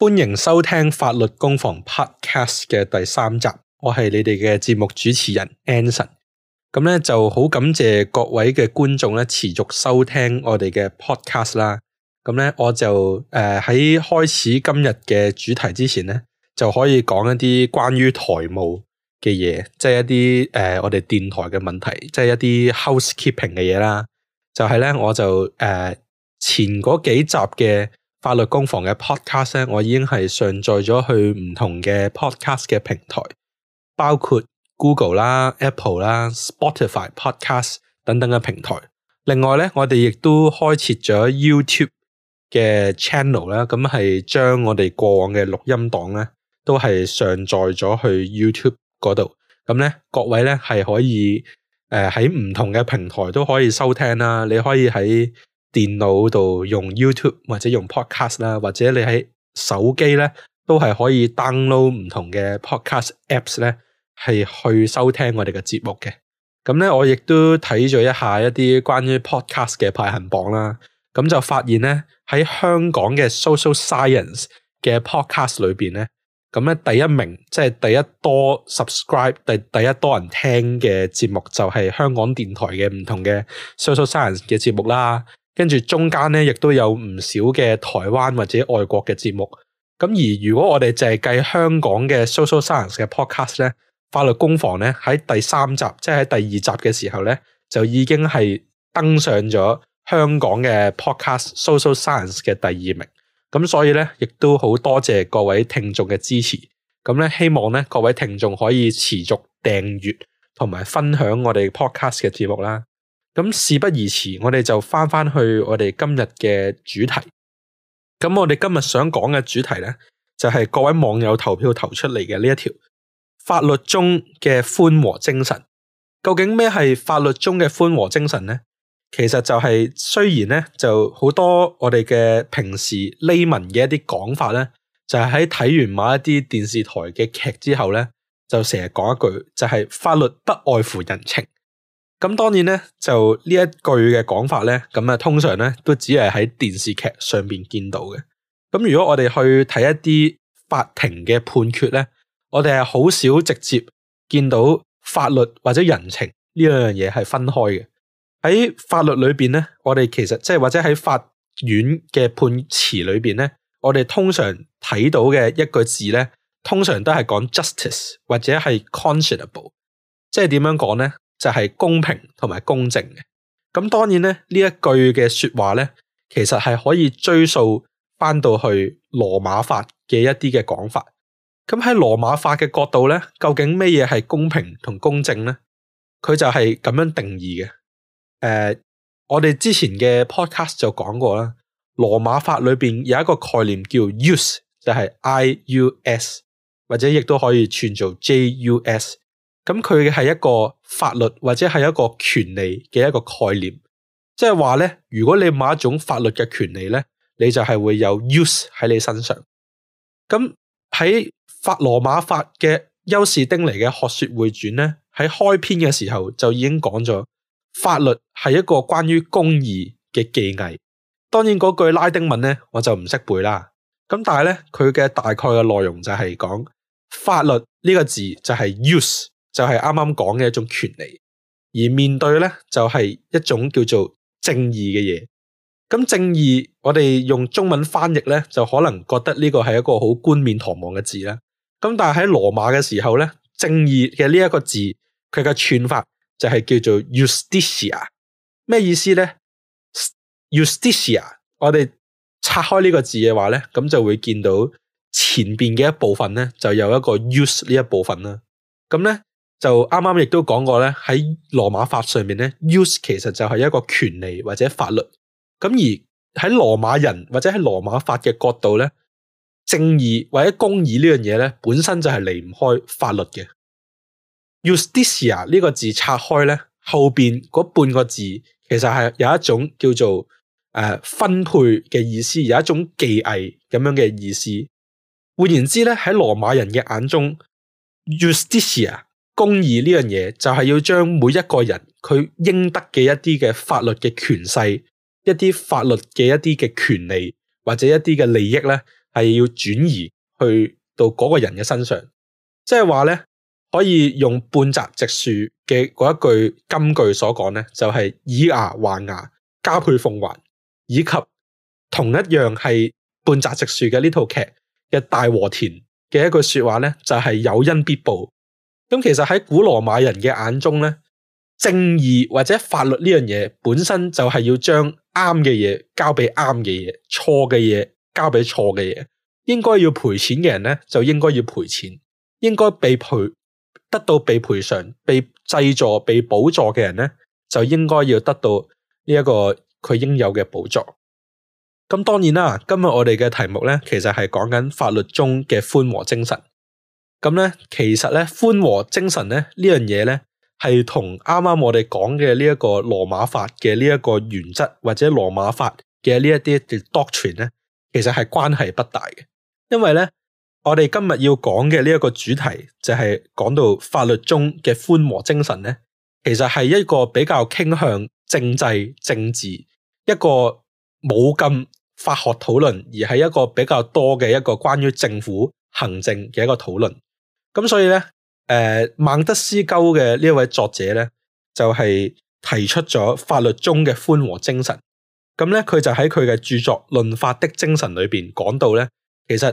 歡迎收聽法律攻防 Podcast 嘅第三集，我係你哋嘅節目主持人 Anson。咁咧就好感謝各位嘅觀眾呢持續收聽我哋嘅 Podcast 啦。咁我就呃喺開始今日嘅主題之前呢，就可以講一啲關於台務嘅嘢，即係一啲呃我哋電台嘅問題，即係一啲 Housekeeping 嘅嘢啦。就係呢，我就呃前嗰幾集嘅。法律攻防嘅 podcast 咧，我已經係上載咗去唔同嘅 podcast 嘅平台，包括 Google 啦、Apple 啦、Spotify、podcast 等等嘅平台。另外咧，我哋亦都開設咗 YouTube 嘅 channel 啦，咁係將我哋過往嘅錄音檔咧，都係上載咗去 YouTube 嗰度。咁咧，各位咧係可以誒喺唔同嘅平台都可以收聽啦。你可以喺。電腦度用 YouTube 或者用 Podcast 啦，或者你喺手機咧都係可以 download 唔同嘅 Podcast Apps 咧，係去收聽我哋嘅節目嘅。咁咧，我亦都睇咗一下一啲關於 Podcast 嘅排行榜啦。咁就發現咧喺香港嘅 Social Science 嘅 Podcast 裏邊咧，咁咧第一名即係、就是、第一多 subscribe、第第一多人聽嘅節目就係、是、香港電台嘅唔同嘅 Social Science 嘅節目啦。跟住中間咧，亦都有唔少嘅台灣或者外國嘅節目。咁而如果我哋淨係計香港嘅 Social Science 嘅 Podcast 咧，《法律攻防》咧喺第三集，即係喺第二集嘅時候咧，就已經係登上咗香港嘅 Podcast Social Science 嘅第二名。咁所以咧，亦都好多謝各位聽眾嘅支持。咁咧，希望咧各位聽眾可以持續訂閱同埋分享我哋 Podcast 嘅節目啦。咁事不宜遲，我哋就翻翻去我哋今日嘅主題。咁我哋今日想講嘅主題呢，就係各位網友投票投出嚟嘅呢一條法律中嘅寬和精神。究竟咩係法律中嘅寬和精神呢？其實就係雖然呢就好多我哋嘅平時匿文嘅一啲講法呢，就係喺睇完某一啲電視台嘅劇之後呢，就成日講一句就係法律不外乎人情。咁當然咧，就呢一句嘅講法咧，咁啊通常咧都只係喺電視劇上邊見到嘅。咁如果我哋去睇一啲法庭嘅判決咧，我哋係好少直接見到法律或者人情呢兩樣嘢係分開嘅。喺法律裏邊咧，我哋其實即係或者喺法院嘅判詞裏邊咧，我哋通常睇到嘅一個字咧，通常都係講 justice 或者係 conscionable，即係點樣講咧？就係、是、公平同埋公正嘅，咁當然咧，呢一句嘅說話咧，其實係可以追溯翻到去羅馬法嘅一啲嘅講法。咁喺羅馬法嘅角度咧，究竟咩嘢係公平同公正咧？佢就係咁樣定義嘅。誒、呃，我哋之前嘅 podcast 就講過啦，羅馬法裏邊有一個概念叫 u s，就係 i u s，或者亦都可以串做 j u s。咁佢係係一個法律或者係一個權利嘅一個概念，即係話咧，如果你買一種法律嘅權利咧，你就係會有 use 喺你身上。咁喺法羅馬法嘅優士丁尼嘅《學說會纂》咧，喺開篇嘅時候就已經講咗，法律係一個關於公義嘅技藝。當然嗰句拉丁文咧，我就唔識背啦。咁但係咧，佢嘅大概嘅內容就係講法律呢個字就係 use。就係啱啱講嘅一種權利，而面對咧就係一種叫做正義嘅嘢。咁正義我哋用中文翻譯咧，就可能覺得呢個係一個好冠冕堂皇嘅字啦。咁但係喺羅馬嘅時候咧，正義嘅呢一個字，佢嘅串法就係叫做 justicia。咩意思咧？justicia，我哋拆開呢個字嘅話咧，咁就會見到前邊嘅一部分咧，就有一個 use 呢一部分啦。咁咧？就啱啱亦都講過咧，喺羅馬法上面咧 ius 其實就係一個權利或者法律。咁而喺羅馬人或者喺羅馬法嘅角度咧，正義或者公義呢樣嘢咧，本身就係離唔開法律嘅。justitia 呢個字拆開咧，後面嗰半個字其實係有一種叫做誒、呃、分配嘅意思，有一種技藝咁樣嘅意思。換言之咧，喺羅馬人嘅眼中 justitia 公義呢樣嘢就係要將每一個人佢應得嘅一啲嘅法律嘅權勢，一啲法律嘅一啲嘅權利或者一啲嘅利益呢係要轉移去到嗰個人嘅身上。即係話呢可以用半澤直樹嘅嗰一句金句所講呢就係以牙還牙，加倍奉還，以及同一樣係半澤直樹嘅呢套劇嘅大和田嘅一句說話呢就係有因必報。咁其實喺古羅馬人嘅眼中咧，正義或者法律呢樣嘢，本身就係要將啱嘅嘢交俾啱嘅嘢，錯嘅嘢交俾錯嘅嘢。應該要賠錢嘅人咧就應該要賠錢，應該被賠得到被賠償、被製作、被補助嘅人咧就應該要得到呢一個佢應有嘅補助。咁當然啦，今日我哋嘅題目咧其實係講緊法律中嘅寬和精神。咁咧，其實咧，寬和精神咧呢樣嘢咧，係同啱啱我哋講嘅呢一個羅馬法嘅呢一個原則或者羅馬法嘅呢一啲 doctrine 咧，其實係關係不大嘅。因為咧，我哋今日要講嘅呢一個主題就係講到法律中嘅寬和精神咧，其實係一個比較傾向政制、政治一個冇咁法學討論，而係一個比較多嘅一個關於政府行政嘅一個討論。咁所以咧，誒、呃，孟德斯鳩嘅呢位作者咧，就係、是、提出咗法律中嘅寬和精神。咁咧，佢就喺佢嘅著作《論法的精神》裏邊講到咧，其實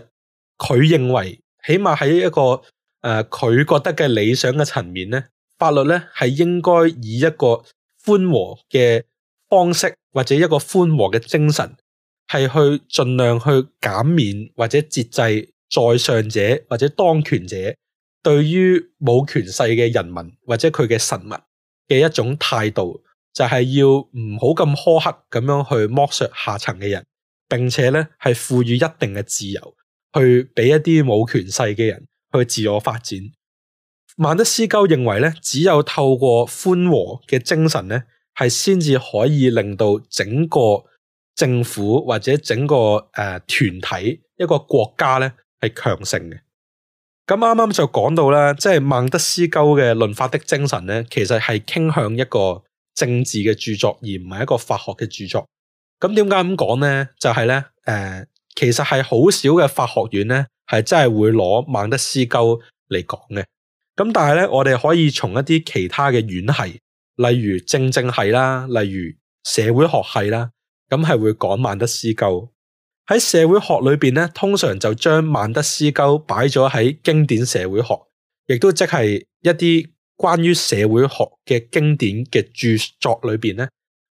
佢認為，起碼喺一個誒，佢、呃、覺得嘅理想嘅層面咧，法律咧係應該以一個寬和嘅方式，或者一個寬和嘅精神，係去盡量去減免或者節制在上者或者當權者對於冇權勢嘅人民或者佢嘅臣民嘅一種態度，就係、是、要唔好咁苛刻咁樣去剝削下層嘅人，並且咧係賦予一定嘅自由，去俾一啲冇權勢嘅人去自我發展。孟德斯鳩認為咧，只有透過寬和嘅精神咧，係先至可以令到整個政府或者整個誒、呃、團體一個國家咧係強盛嘅。咁啱啱就講到啦，即係孟德斯鳩嘅《論法的精神》咧，其實係傾向一個政治嘅著作，而唔係一個法學嘅著作。咁點解咁講呢？就係、是、呢，誒、呃，其實係好少嘅法學院呢，係真係會攞孟德斯鳩嚟講嘅。咁但係呢，我哋可以從一啲其他嘅院系，例如政政系啦，例如社會學系啦，咁係會講孟德斯鳩。喺社會學裏邊咧，通常就將孟德斯鳩擺咗喺經典社會學，亦都即係一啲關於社會學嘅經典嘅著作裏邊咧。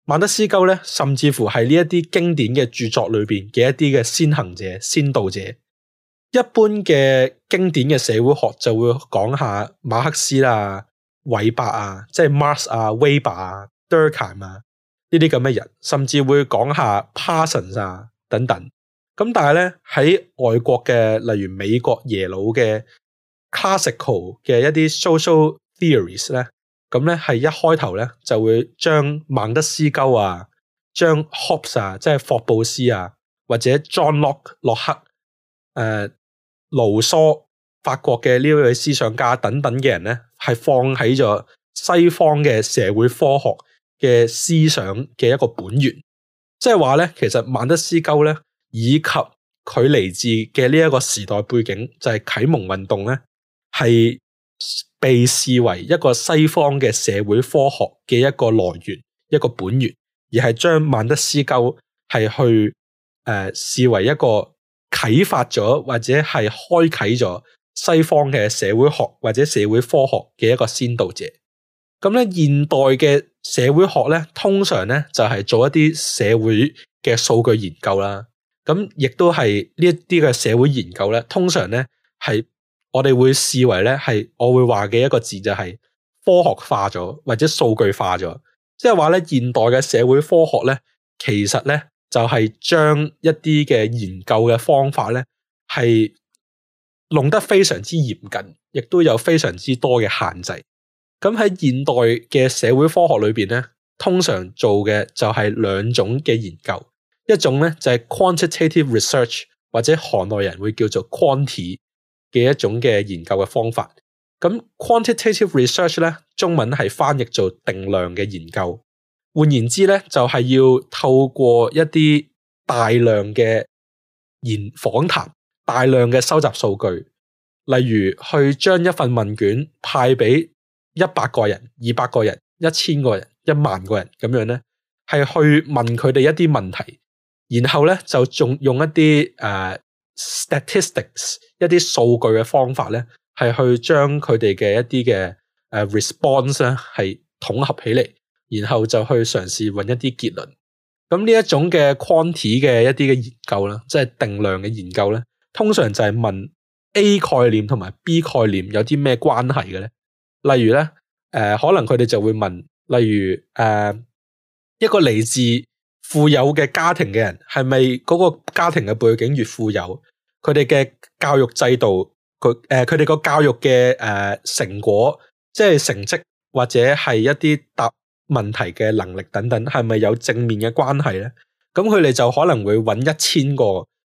孟德斯鳩咧，甚至乎係呢一啲經典嘅著作裏邊嘅一啲嘅先行者、先導者。一般嘅經典嘅社會學就會講下馬克思啦、啊、韋伯啊，即係 Marx 啊、Weber 啊、Durkheim 啊呢啲咁嘅人，甚至會講下 Parsons 啊等等。咁但係咧，喺外國嘅，例如美國耶魯嘅 classical 嘅一啲 social theories 咧，咁咧係一開頭咧，就會將孟德斯鳩啊、將 Hobbes 啊，即係霍布斯啊，或者 John Locke、洛克誒、呃、盧梭、法國嘅呢一位思想家等等嘅人咧，係放喺咗西方嘅社會科學嘅思想嘅一個本源。即係話咧，其實孟德斯鳩咧。以及佢嚟自嘅呢一個時代背景，就係、是、啟蒙運動呢，係被視為一個西方嘅社會科學嘅一個來源，一個本源，而係將孟德斯鳩係去誒、呃、視為一個啟發咗或者係開啟咗西方嘅社會學或者社會科學嘅一個先導者。咁咧，現代嘅社會學呢，通常呢就係、是、做一啲社會嘅數據研究啦。咁亦都係呢一啲嘅社會研究咧，通常咧係我哋會視為咧係我會話嘅一個字就係科學化咗或者數據化咗，即係話咧現代嘅社會科學咧，其實咧就係將一啲嘅研究嘅方法咧係弄得非常之嚴謹，亦都有非常之多嘅限制。咁喺現代嘅社會科學裏邊咧，通常做嘅就係兩種嘅研究。一種咧就係 quantitative research 或者行內人會叫做 quantity 嘅一種嘅研究嘅方法。咁 quantitative research 咧中文係翻譯做定量嘅研究。換言之咧，就係、是、要透過一啲大量嘅研訪談，大量嘅收集數據，例如去將一份問卷派俾一百個人、二百個人、一千個人、一萬個人咁樣咧，係去問佢哋一啲問題。然後咧就仲用一啲誒、呃、statistics 一啲數據嘅方法咧，係去將佢哋嘅一啲嘅誒 response 咧系統合起嚟，然後就去嘗試搵一啲結論。咁呢一種嘅 quantity 嘅一啲嘅研究啦，即係定量嘅研究咧，通常就係問 A 概念同埋 B 概念有啲咩關係嘅咧。例如咧，誒、呃、可能佢哋就會問，例如誒、呃、一個嚟自。富有嘅家庭嘅人，係咪嗰個家庭嘅背景越富有，佢哋嘅教育制度，佢誒佢哋個教育嘅誒、呃、成果，即係成績或者係一啲答問題嘅能力等等，係咪有正面嘅關係咧？咁佢哋就可能會揾一千個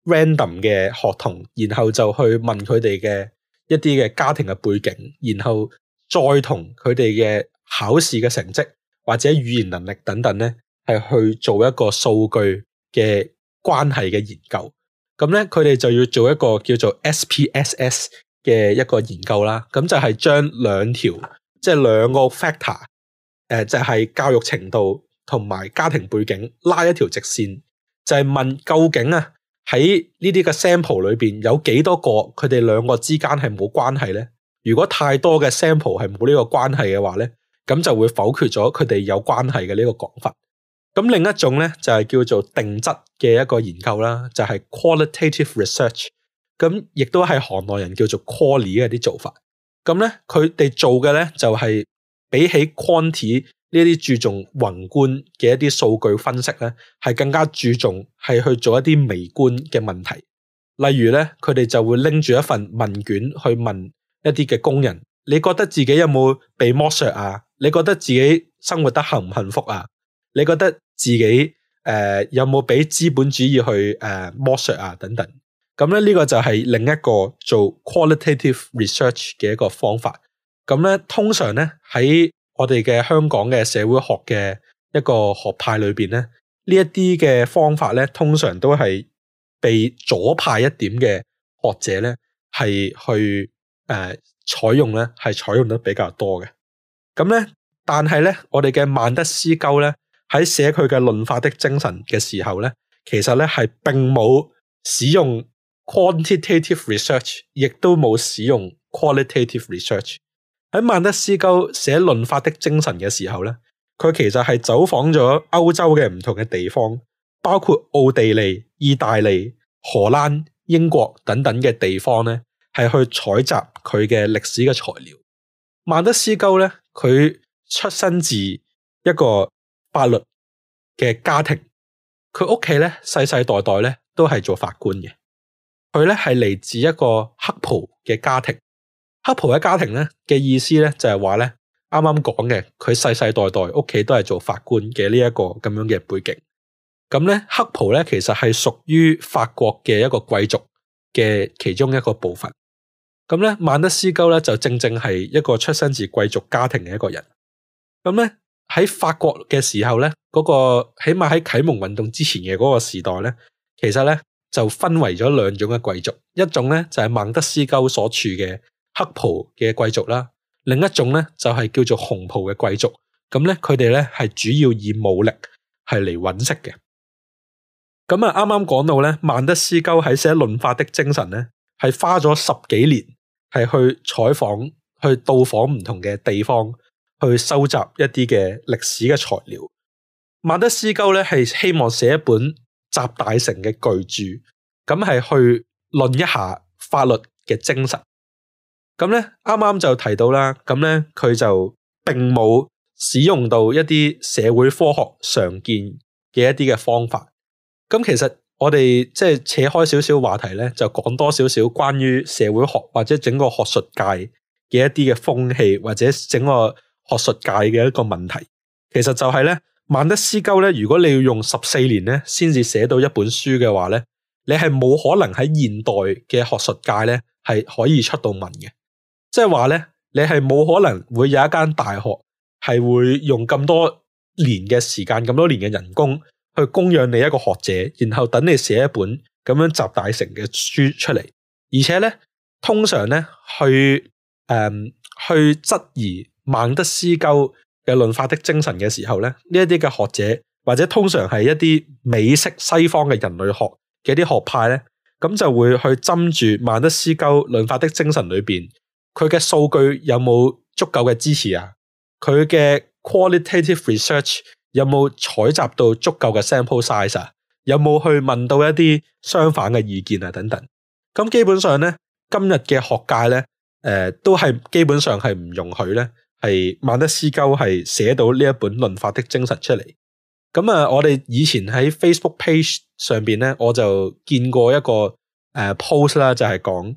random 嘅學童，然後就去問佢哋嘅一啲嘅家庭嘅背景，然後再同佢哋嘅考試嘅成績或者語言能力等等咧。係去做一個數據嘅關係嘅研究呢，咁咧佢哋就要做一個叫做 SPSS 嘅一個研究啦。咁就係將兩條即係兩個 factor，誒、呃、就係、是、教育程度同埋家庭背景拉一條直線，就係、是、問究竟啊喺呢啲嘅 sample 裏邊有幾多個佢哋兩個之間係冇關係咧？如果太多嘅 sample 係冇呢個關係嘅話咧，咁就會否決咗佢哋有關係嘅呢個講法。咁另一種咧，就係叫做定質嘅一個研究啦，就係 qualitative research。咁亦都係行內人叫做 quali 嘅一啲做法。咁咧，佢哋做嘅咧，就係比起 quanti 呢啲注重宏觀嘅一啲數據分析咧，係更加注重係去做一啲微觀嘅問題。例如咧，佢哋就會拎住一份問卷去問一啲嘅工人：你覺得自己有冇被剝削啊？你覺得自己生活得幸唔幸福啊？你覺得自己誒、呃、有冇俾資本主義去誒、呃、剝削啊等等。咁咧，呢個就係另一個做 qualitative research 嘅一個方法。咁咧、嗯、通常咧，喺我哋嘅香港嘅社會學嘅一個學派裏邊咧，呢一啲嘅方法咧，通常都係被左派一點嘅學者咧係去誒、呃、採用咧係採用得比較多嘅。咁咧，但係咧我哋嘅孟德斯鳩咧喺寫佢嘅《論法的精神》嘅時候咧，其實咧係並冇使用 quantitative research，亦都冇使用 qualitative research。喺孟德斯鳩寫《論法的精神》嘅時候咧，佢其實係走訪咗歐洲嘅唔同嘅地方，包括奧地利、意大利、荷蘭、英國等等嘅地方咧，係去採集佢嘅歷史嘅材料。孟德斯鳩咧，佢出身自一個法律嘅家庭，佢屋企咧世世代代咧都係做法官嘅。佢咧係嚟自一個黑袍嘅家庭。黑袍嘅家庭咧嘅意思咧就係話咧，啱啱講嘅，佢世世代代屋企都係做法官嘅呢一個咁樣嘅背景。咁咧黑袍咧其實係屬於法國嘅一個貴族嘅其中一個部分。咁咧孟德斯鳩咧就正正係一個出身自貴族家庭嘅一個人。咁咧。喺法國嘅時候咧，嗰個起碼喺啟蒙運動之前嘅嗰個時代咧，其實咧就分為咗兩種嘅貴族，一種咧就係孟德斯鳩所處嘅黑袍嘅貴族啦，另一種咧就係叫做紅袍嘅貴族。咁咧，佢哋咧係主要以武力係嚟搵食嘅。咁啊，啱啱講到咧，孟德斯鳩喺寫《論法的精神》呢咧，係花咗十幾年係去採訪、去到訪唔同嘅地方。去收集一啲嘅歷史嘅材料，孟德斯鳩咧係希望寫一本集大成嘅巨著，咁係去論一下法律嘅精神。咁咧啱啱就提到啦，咁咧佢就並冇使用到一啲社會科學常見嘅一啲嘅方法。咁其實我哋即係扯開少少話題咧，就講多少少關於社會學或者整個學術界嘅一啲嘅風氣或者整個。學術界嘅一個問題，其實就係咧，孟德斯鳩咧，如果你要用十四年咧，先至寫到一本書嘅話咧，你係冇可能喺現代嘅學術界咧係可以出到文嘅，即係話咧，你係冇可能會有一間大學係會用咁多年嘅時間，咁多年嘅人工去供養你一個學者，然後等你寫一本咁樣集大成嘅書出嚟。而且咧，通常咧去誒、嗯、去質疑。孟德斯鳩嘅論法的精神嘅時候咧，呢一啲嘅學者或者通常係一啲美式西方嘅人類學嘅一啲學派咧，咁就會去針住孟德斯鳩論法的精神裏邊，佢嘅數據有冇足夠嘅支持啊？佢嘅 qualitative research 有冇採集到足夠嘅 sample size 啊？有冇去問到一啲相反嘅意見啊？等等。咁基本上咧，今日嘅學界咧，誒、呃，都係基本上係唔容許咧。係孟德斯鳩係寫到呢一本《論法的精神》出嚟，咁啊，我哋以前喺 Facebook page 上邊咧，我就見過一個誒 post 啦，就係講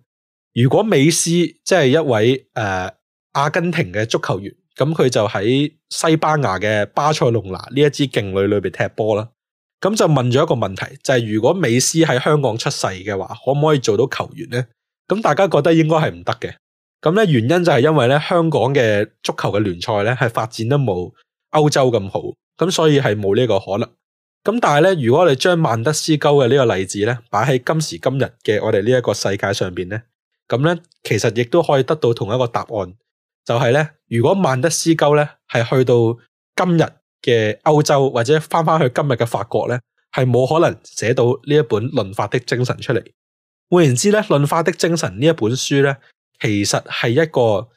如果美斯即係、就是、一位誒、呃、阿根廷嘅足球員，咁佢就喺西班牙嘅巴塞隆拿呢一支勁旅裏邊踢波啦，咁就問咗一個問題，就係、是、如果美斯喺香港出世嘅話，可唔可以做到球員咧？咁大家覺得應該係唔得嘅。咁咧，原因就係因為咧，香港嘅足球嘅聯賽咧係發展得冇歐洲咁好，咁所以係冇呢個可能。咁但係咧，如果我哋將孟德斯鳩嘅呢個例子咧擺喺今時今日嘅我哋呢一個世界上面咧，咁咧其實亦都可以得到同一個答案，就係、是、咧，如果孟德斯鳩咧係去到今日嘅歐洲或者返返去今日嘅法國咧，係冇可能寫到呢一本《論法的精神》出嚟。換言之咧，《論法的精神》呢一本書咧。其實係一個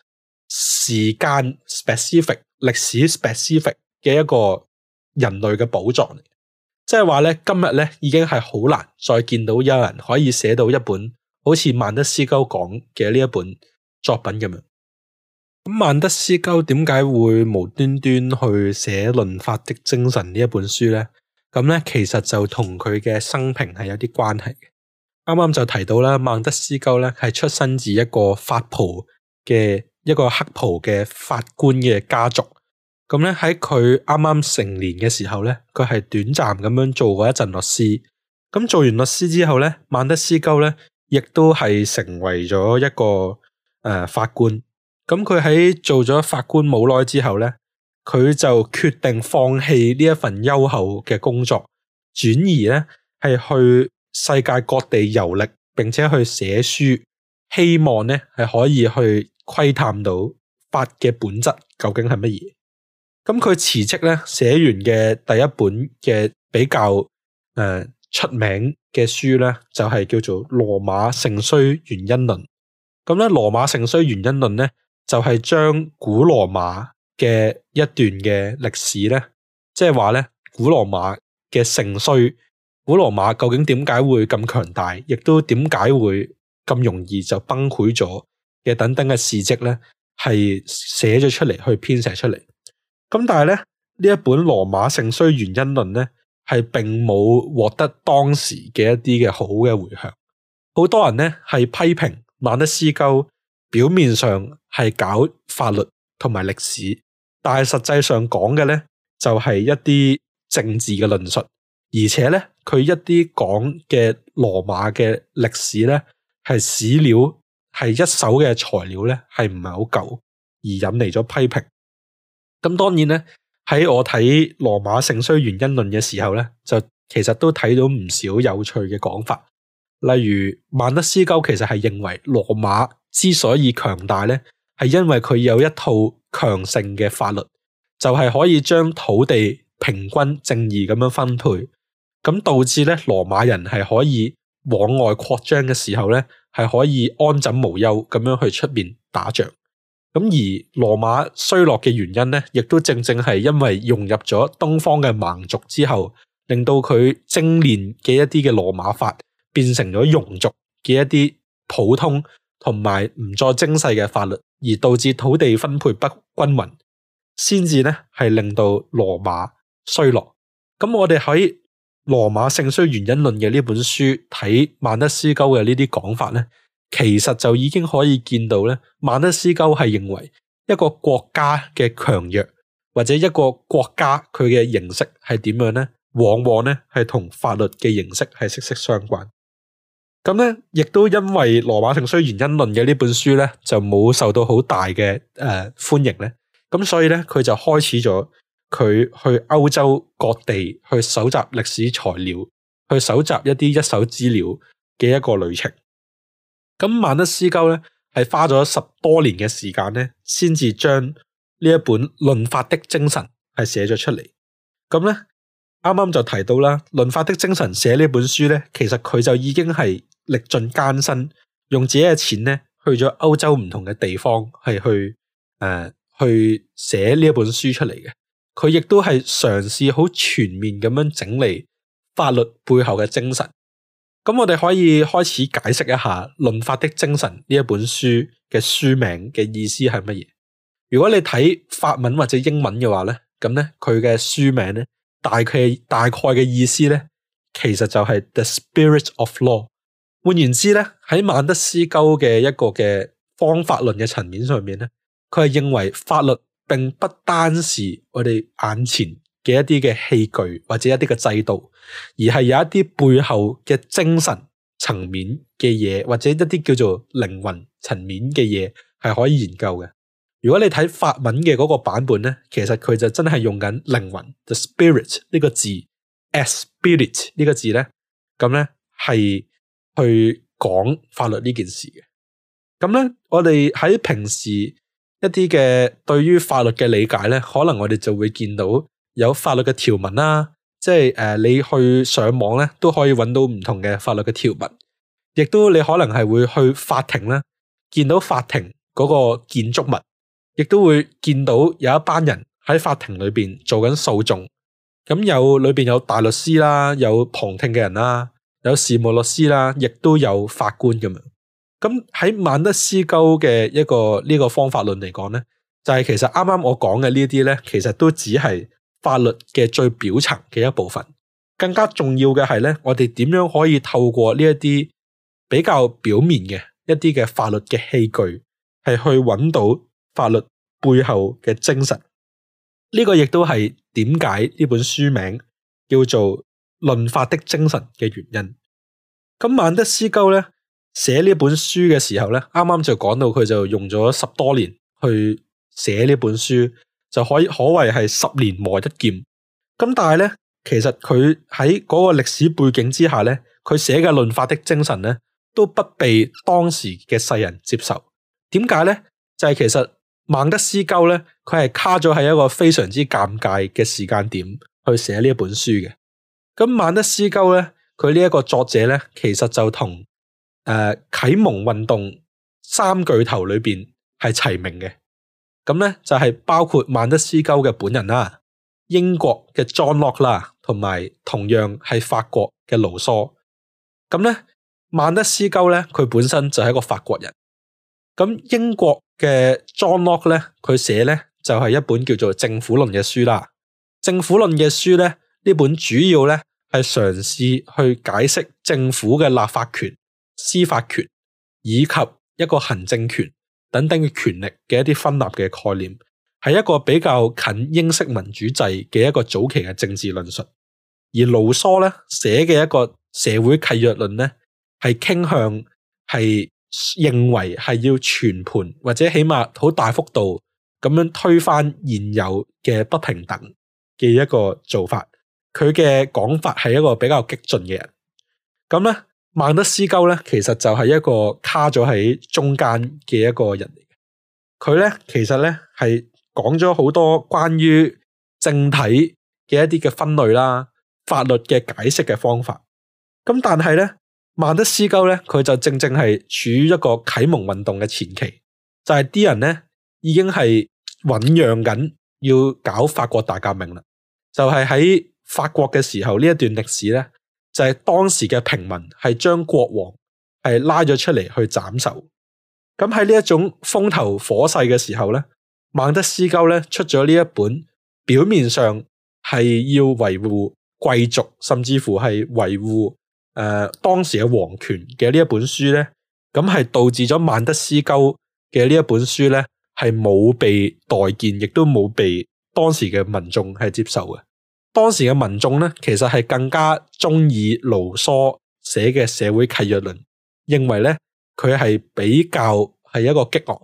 時間 specific、歷史 specific 嘅一個人類嘅寶藏，即係話咧，今日咧已經係好難再見到有人可以寫到一本好似孟德斯鳩講嘅呢一本作品咁樣。咁孟德斯鳩點解會無端端去寫《論法的精神》呢一本書咧？咁咧，其實就同佢嘅生平係有啲關係啱啱就提到啦，孟德斯鳩咧係出身自一個法袍嘅一個黑袍嘅法官嘅家族。咁咧，喺佢啱啱成年嘅時候咧，佢係短暫咁樣做過一陣律師。咁做完律師之後咧，孟德斯鳩咧亦都係成為咗一個誒、呃、法官。咁佢喺做咗法官冇耐之後咧，佢就決定放棄呢一份優厚嘅工作，轉移咧係去。世界各地遊歷，並且去寫書，希望呢係可以去窺探到法嘅本質究竟係乜嘢。咁佢辭職咧，寫完嘅第一本嘅比較誒、呃、出名嘅書咧，就係、是、叫做《羅馬盛衰原因論》。咁咧，《羅馬盛衰原因論》呢就係、是、將古羅馬嘅一段嘅歷史咧，即係話咧古羅馬嘅盛衰。古羅馬究竟點解會咁強大，亦都點解會咁容易就崩潰咗嘅等等嘅事跡呢？係寫咗出嚟去編寫出嚟。咁但係咧呢一本《羅馬盛衰原因論》呢，係並冇獲得當時嘅一啲嘅好嘅回響。好多人呢，係批評孟德斯鳩表面上係搞法律同埋歷史，但係實際上講嘅呢，就係、是、一啲政治嘅論述。而且咧，佢一啲講嘅羅馬嘅歷史咧，係史料，係一手嘅材料咧，係唔係好夠，而引嚟咗批評。咁當然咧，喺我睇《羅馬盛衰原因論》嘅時候咧，就其實都睇到唔少有趣嘅講法。例如，孟德斯鳩其實係認為羅馬之所以強大咧，係因為佢有一套強盛嘅法律，就係、是、可以將土地平均正義咁樣分配。咁導致咧，羅馬人係可以往外擴張嘅時候咧，係可以安枕無憂咁樣去出面打仗。咁而羅馬衰落嘅原因咧，亦都正正係因為融入咗東方嘅蠻族之後，令到佢精煉嘅一啲嘅羅馬法變成咗庸俗嘅一啲普通同埋唔再精細嘅法律，而導致土地分配不均勻，先至咧係令到羅馬衰落。咁我哋喺羅馬盛衰原因論嘅呢本書，睇孟德斯鳩嘅呢啲講法咧，其實就已經可以見到咧，孟德斯鳩係認為一個國家嘅強弱或者一個國家佢嘅形式係點樣咧，往往咧係同法律嘅形式係息息相關。咁咧，亦都因為羅馬盛衰原因論嘅呢本書咧，就冇受到好大嘅、誒、呃、歡迎咧。咁所以咧，佢就開始咗。佢去歐洲各地去搜集歷史材料，去搜集一啲一手資料嘅一個旅程。咁孟德斯鳩咧係花咗十多年嘅時間咧，先至將呢一本《論法的精神》係寫咗出嚟。咁咧啱啱就提到啦，《論法的精神》寫呢本書咧，其實佢就已經係歷盡艱辛，用自己嘅錢咧，去咗歐洲唔同嘅地方，係去誒去寫呢一本書出嚟嘅。佢亦都係嘗試好全面咁樣整理法律背後嘅精神。咁我哋可以開始解釋一下《論法的精神》呢一本書嘅書名嘅意思係乜嘢？如果你睇法文或者英文嘅話呢咁呢，佢嘅書名呢，大概大概嘅意思呢，其實就係 The Spirit of Law。換言之呢，喺孟德斯鳩嘅一個嘅方法論嘅層面上面呢，佢係認為法律。並不單是我哋眼前嘅一啲嘅器具或者一啲嘅制度，而係有一啲背後嘅精神層面嘅嘢，或者一啲叫做靈魂層面嘅嘢係可以研究嘅。如果你睇法文嘅嗰個版本咧，其實佢就真係用緊靈魂 the spirit 呢個字，as spirit 呢個字咧，咁咧係去講法律呢件事嘅。咁咧，我哋喺平時。一啲嘅對於法律嘅理解咧，可能我哋就會見到有法律嘅條文啦，即係誒、呃，你去上網咧都可以揾到唔同嘅法律嘅條文，亦都你可能係會去法庭咧，見到法庭嗰個建築物，亦都會見到有一班人喺法庭裏邊做緊訴訟，咁有裏邊有大律師啦，有旁聽嘅人啦，有事務律師啦，亦都有法官咁樣。咁喺孟德斯鳩嘅一個呢個方法論嚟講呢，就係其實啱啱我講嘅呢啲呢，其實都只係法律嘅最表層嘅一部分。更加重要嘅係呢，我哋點樣可以透過呢一啲比較表面嘅一啲嘅法律嘅器具，係去揾到法律背後嘅精神。呢個亦都係點解呢本書名叫做《論法的精神》嘅原因。咁孟德斯鳩呢。寫呢本書嘅時候咧，啱啱就講到佢就用咗十多年去寫呢本書，就可以可謂係十年磨一劍。咁但係咧，其實佢喺嗰個歷史背景之下咧，佢寫嘅論法的精神咧，都不被當時嘅世人接受。點解咧？就係其實孟德斯鳩咧，佢係卡咗喺一個非常之尷尬嘅時間點去寫呢一本書嘅。咁孟德斯鳩咧，佢呢一個作者咧，其實就同。誒、啊，啟蒙運動三巨頭裏邊係齊名嘅，咁咧就係、是、包括孟德斯鳩嘅本人啦，英國嘅 John Locke 啦，同埋同樣係法國嘅盧梭。咁咧，孟德斯鳩咧佢本身就係一個法國人。咁英國嘅 John Locke 咧，佢寫咧就係、是、一本叫做政府論書、《政府論》嘅書啦，《政府論》嘅書咧，呢本主要咧係嘗試去解釋政府嘅立法權，司法權以及一個行政權等等嘅權力嘅一啲分立嘅概念，係一個比較近英式民主制嘅一個早期嘅政治論述。而盧梭咧寫嘅一個社會契約論咧，係傾向係認為係要全盤或者起碼好大幅度咁樣推翻現有嘅不平等嘅一個做法。佢嘅講法係一個比較激進嘅人，咁咧。孟德斯鳩咧，其實就係一個卡咗喺中間嘅一個人嚟嘅。佢咧其實咧係講咗好多關於政體嘅一啲嘅分類啦、法律嘅解釋嘅方法呢。咁但係咧，孟德斯鳩咧，佢就正正係處於一個啟蒙運動嘅前期，就係啲人咧已經係醞釀緊要搞法國大革命啦。就係喺法國嘅時候呢一段歷史咧。就係、是、當時嘅平民係將國王係拉咗出嚟去斬首，咁喺呢一種風頭火勢嘅時候咧，孟德斯鳩咧出咗呢一本表面上係要維護貴族，甚至乎係維護誒當時嘅皇權嘅呢一本書咧，咁係導致咗孟德斯鳩嘅呢一本書咧係冇被待見，亦都冇被當時嘅民眾係接受嘅。當時嘅民眾咧，其實係更加中意盧梭寫嘅《社會契約論》，認為咧佢係比較係一個激昂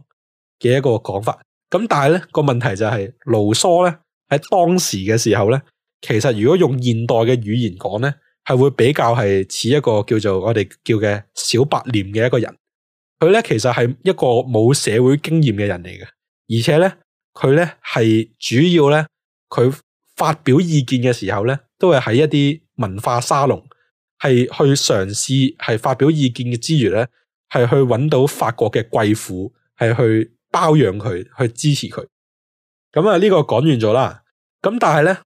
嘅一個講法。咁但係咧個問題就係盧梭咧喺當時嘅時候咧，其實如果用現代嘅語言講咧，係會比較係似一個叫做我哋叫嘅小白臉嘅一個人。佢咧其實係一個冇社會經驗嘅人嚟嘅，而且咧佢咧係主要咧佢。發表意見嘅時候咧，都係喺一啲文化沙龍，係去嘗試係發表意見嘅之餘咧，係去揾到法國嘅貴婦，係去包養佢，去支持佢。咁啊，呢個講完咗啦。咁但係咧，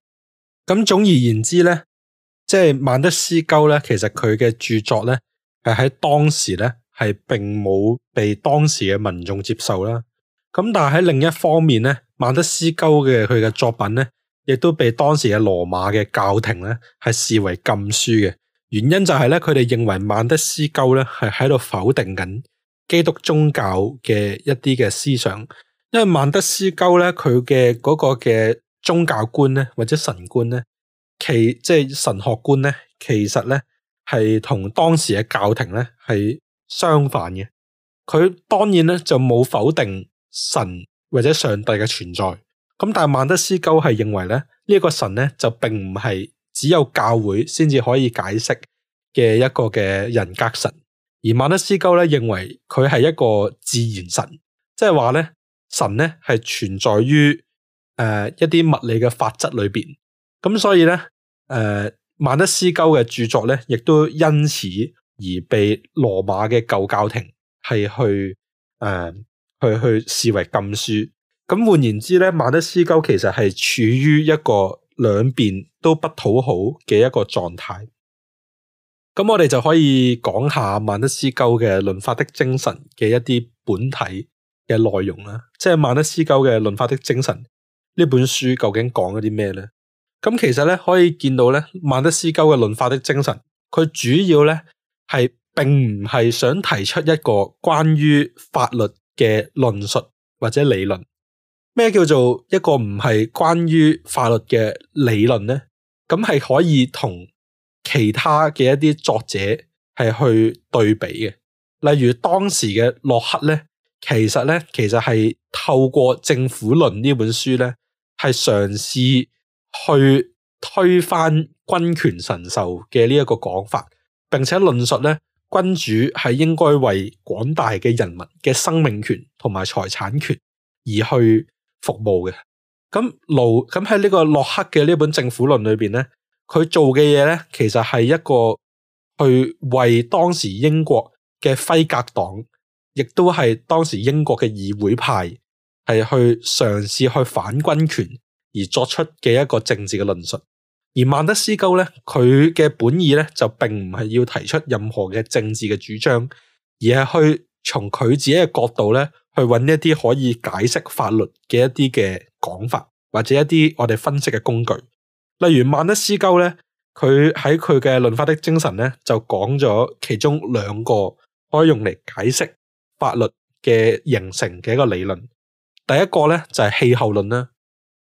咁總而言之咧，即係孟德斯鳩咧，其實佢嘅著作咧，係喺當時咧係並冇被當時嘅民眾接受啦。咁但係喺另一方面咧，孟德斯鳩嘅佢嘅作品咧，亦都被當時嘅羅馬嘅教廷咧，係視為禁書嘅。原因就係咧，佢哋認為孟德斯鳩咧係喺度否定緊基督宗教嘅一啲嘅思想，因為孟德斯鳩咧佢嘅嗰個嘅宗教觀咧，或者神觀咧，其即係神學觀咧，其實咧係同當時嘅教廷咧係相反嘅。佢當然咧就冇否定神或者上帝嘅存在。咁但係孟德斯鳩係認為咧，呢、這個神咧就並唔係只有教會先至可以解釋嘅一個嘅人格神，而孟德斯鳩咧認為佢係一個自然神，即係話咧神咧係存在於誒、呃、一啲物理嘅法則裏邊，咁所以咧誒、呃、孟德斯鳩嘅著作咧亦都因此而被羅馬嘅舊教廷係去誒、呃、去去視為禁書。咁換言之咧，孟德斯鳩其實係處於一個兩邊都不討好嘅一個狀態。咁我哋就可以講下孟德斯鳩嘅《論法的精神》嘅一啲本體嘅內容啦,即係孟德斯鳩嘅《論法的精神》呢本書究竟講咗啲咩呢？咁其實咧可以見到咧，孟德斯鳩嘅《論法的精神》，佢主要咧係並唔係想提出一個關於法律嘅論述或者理論。咩叫做一個唔係關於法律嘅理論呢？咁係可以同其他嘅一啲作者係去對比嘅。例如當時嘅洛克呢，其實呢，其實係透過《政府論》呢本書呢，係嘗試去推翻君權神授嘅呢一個講法，並且論述呢，君主係應該為廣大嘅人民嘅生命權同埋財產權而去服務嘅，咁勞咁喺呢個洛克嘅呢本《政府論》裏邊呢，佢做嘅嘢呢，其實係一個去為當時英國嘅輝格黨，亦都係當時英國嘅議會派，係去嘗試去反軍權而作出嘅一個政治嘅論述。而孟德斯鳩呢，佢嘅本意呢，就並唔係要提出任何嘅政治嘅主張，而係去從佢自己嘅角度呢。去揾一啲可以解釋法律嘅一啲嘅講法，或者一啲我哋分析嘅工具。例如孟德斯鳩咧，佢喺佢嘅《論法的精神》咧，就講咗其中兩個可以用嚟解釋法律嘅形成嘅一個理論。第一個咧就係、是、氣候論啦。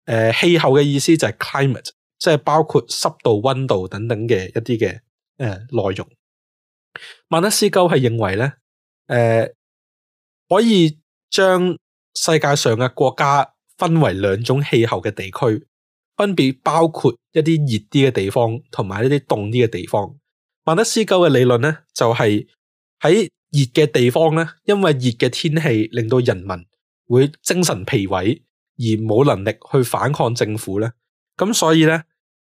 誒、呃，氣候嘅意思就係 climate，即係包括濕度、温度等等嘅一啲嘅誒內容。孟德斯鳩係認為咧，誒、呃、可以。將世界上嘅國家分為兩種氣候嘅地區，分別包括一啲熱啲嘅地方同埋一啲凍啲嘅地方。孟德斯鳩嘅理論呢，就係喺熱嘅地方呢，因為熱嘅天氣令到人民會精神疲萎而冇能力去反抗政府呢，咁所以呢，誒、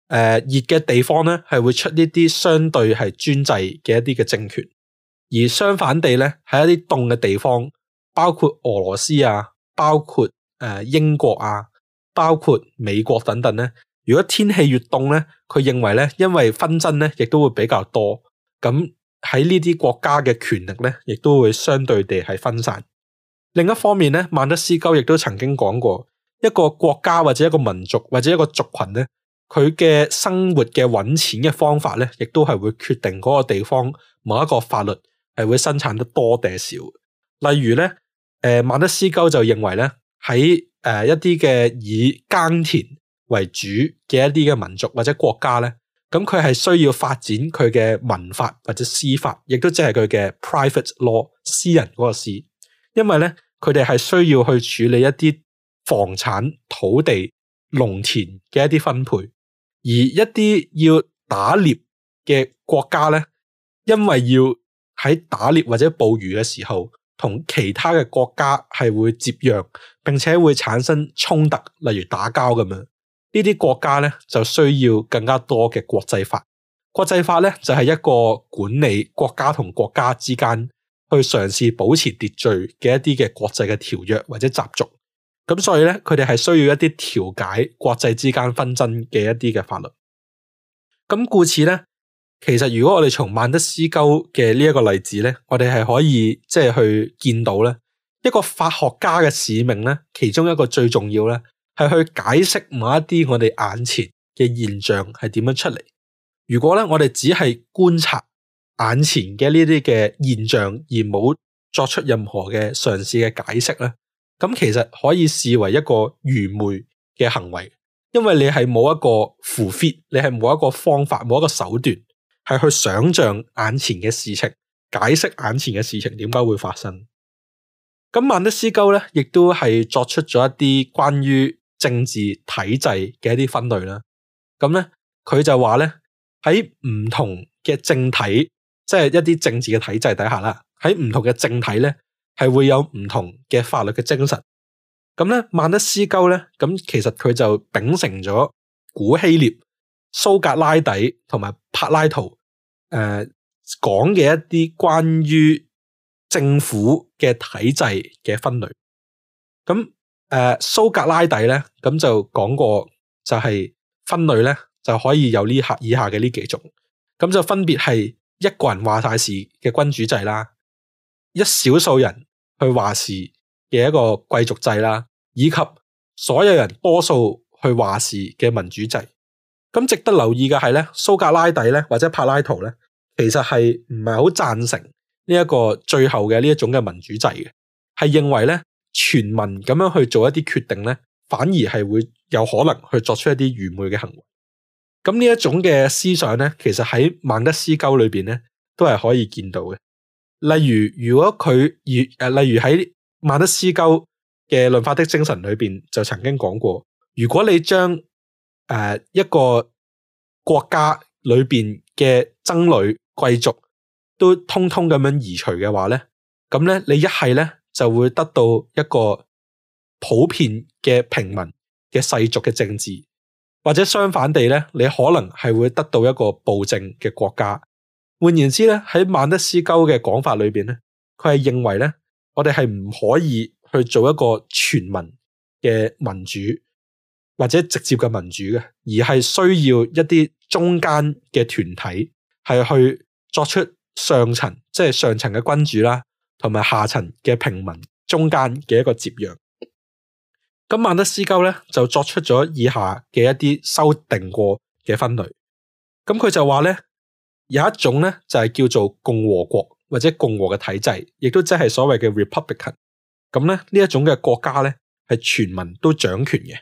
呃，熱嘅地方呢，係會出呢啲相對係專制嘅一啲嘅政權，而相反地呢，喺一啲凍嘅地方。包括俄羅斯啊，包括誒、呃、英國啊，包括美國等等咧。如果天氣越凍咧，佢認為咧，因為紛爭咧，亦都會比較多。咁喺呢啲國家嘅權力咧，亦都會相對地係分散。另一方面咧，孟德斯鳩亦都曾經講過，一個國家或者一個民族或者一個族群咧，佢嘅生活嘅揾錢嘅方法咧，亦都係會決定嗰個地方某一個法律係會生產得多定少。例如咧。誒，孟德斯鳩就認為咧，喺誒一啲嘅以耕田為主嘅一啲嘅民族或者國家咧，咁佢係需要發展佢嘅民法或者私法，亦都即係佢嘅 private law，私人嗰個私。因為咧佢哋係需要去處理一啲房產、土地、農田嘅一啲分配，而一啲要打獵嘅國家咧，因為要喺打獵或者捕魚嘅時候。同其他嘅國家係會接壤，並且會產生衝突，例如打交咁樣。呢啲國家咧就需要更加多嘅國際法。國際法咧就係一個管理國家同國家之間去嘗試保持秩序嘅一啲嘅國際嘅條約或者習俗。咁所以咧，佢哋係需要一啲調解國際之間紛爭嘅一啲嘅法律。咁故此咧。其實如果我哋從孟德斯鳩嘅呢一個例子咧，我哋係可以即係、就是、去見到咧一個法學家嘅使命咧，其中一個最重要咧係去解釋某一啲我哋眼前嘅現象係點樣出嚟。如果咧我哋只係觀察眼前嘅呢啲嘅現象，而冇作出任何嘅嘗試嘅解釋咧，咁其實可以視為一個愚昧嘅行為，因為你係冇一個 fit，你係冇一個方法，冇一個手段。係去想象眼前嘅事情，解釋眼前嘅事情點解會發生。咁孟德斯鳩咧，亦都係作出咗一啲關於政治體制嘅一啲分類啦。咁咧，佢就話咧，喺唔同嘅政體，即係一啲政治嘅體制底下啦，喺唔同嘅政體咧係會有唔同嘅法律嘅精神。咁咧，孟德斯鳩咧，咁其實佢就秉承咗古希臘。蘇格拉底同埋柏拉圖誒、呃、講嘅一啲關於政府嘅體制嘅分類，咁誒蘇格拉底咧咁就講過就係分類咧就可以有呢下以下嘅呢幾種，咁就分別係一個人話晒事嘅君主制啦，一少數人去話事嘅一個貴族制啦，以及所有人多數去話事嘅民主制。咁值得留意嘅係咧，蘇格拉底咧或者柏拉圖咧，其實係唔係好贊成呢一個最後嘅呢一種嘅民主制嘅，係認為咧全民咁樣去做一啲決定咧，反而係會有可能去作出一啲愚昧嘅行為。咁呢一種嘅思想咧，其實喺孟德斯鳩裏邊咧都係可以見到嘅。例如，如果佢誒、呃，例如喺孟德斯鳩嘅《論法的精神》裏邊就曾經講過，如果你將誒，一個國家裏邊嘅僧侶、貴族都通通咁樣移除嘅話咧，咁咧你一係咧就會得到一個普遍嘅平民嘅世俗嘅政治，或者相反地咧，你可能係會得到一個暴政嘅國家。換言之咧，喺孟德斯鳩嘅講法裏邊咧，佢係認為咧，我哋係唔可以去做一個全民嘅民主。或者直接嘅民主嘅，而係需要一啲中間嘅團體，係去作出上層，即係上層嘅君主啦，同埋下層嘅平民中間嘅一個接讓。咁孟德斯鳩咧就作出咗以下嘅一啲修訂過嘅分類。咁佢就話咧有一種咧就係叫做共和國或者共和嘅體制，亦都即係所謂嘅 republican。咁咧呢一種嘅國家咧係全民都掌權嘅。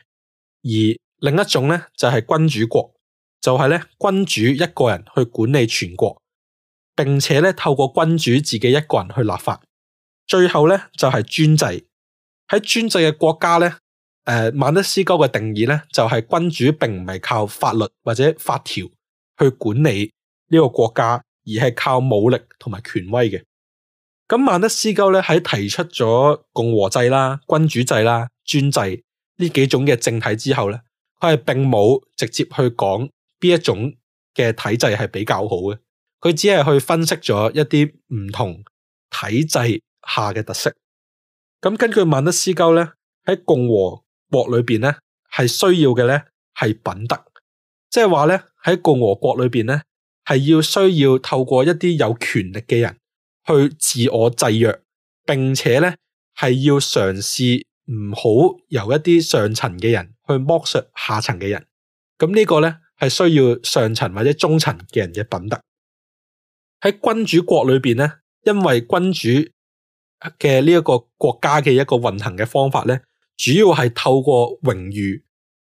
而另一種咧就係、是、君主國，就係、是、咧君主一個人去管理全國，並且咧透過君主自己一個人去立法。最後咧就係、是、專制。喺專制嘅國家咧，誒、呃，孟德斯鳩嘅定義咧就係、是、君主並唔係靠法律或者法條去管理呢個國家，而係靠武力同埋權威嘅。咁孟德斯鳩咧喺提出咗共和制啦、君主制啦、專制呢幾種嘅政體之後咧，佢係並冇直接去講邊一種嘅體制係比較好嘅，佢只係去分析咗一啲唔同體制下嘅特色。咁根據孟德斯鳩咧，喺共和國裏面咧係需要嘅咧係品德，即係話咧喺共和國裏面咧係要需要透過一啲有權力嘅人去自我制約，並且咧係要嘗試。唔好由一啲上層嘅人去剝削下層嘅人，咁呢個呢，係需要上層或者中層嘅人嘅品德。喺君主國裏邊呢，因為君主嘅呢一個國家嘅一個運行嘅方法呢，主要係透過榮譽，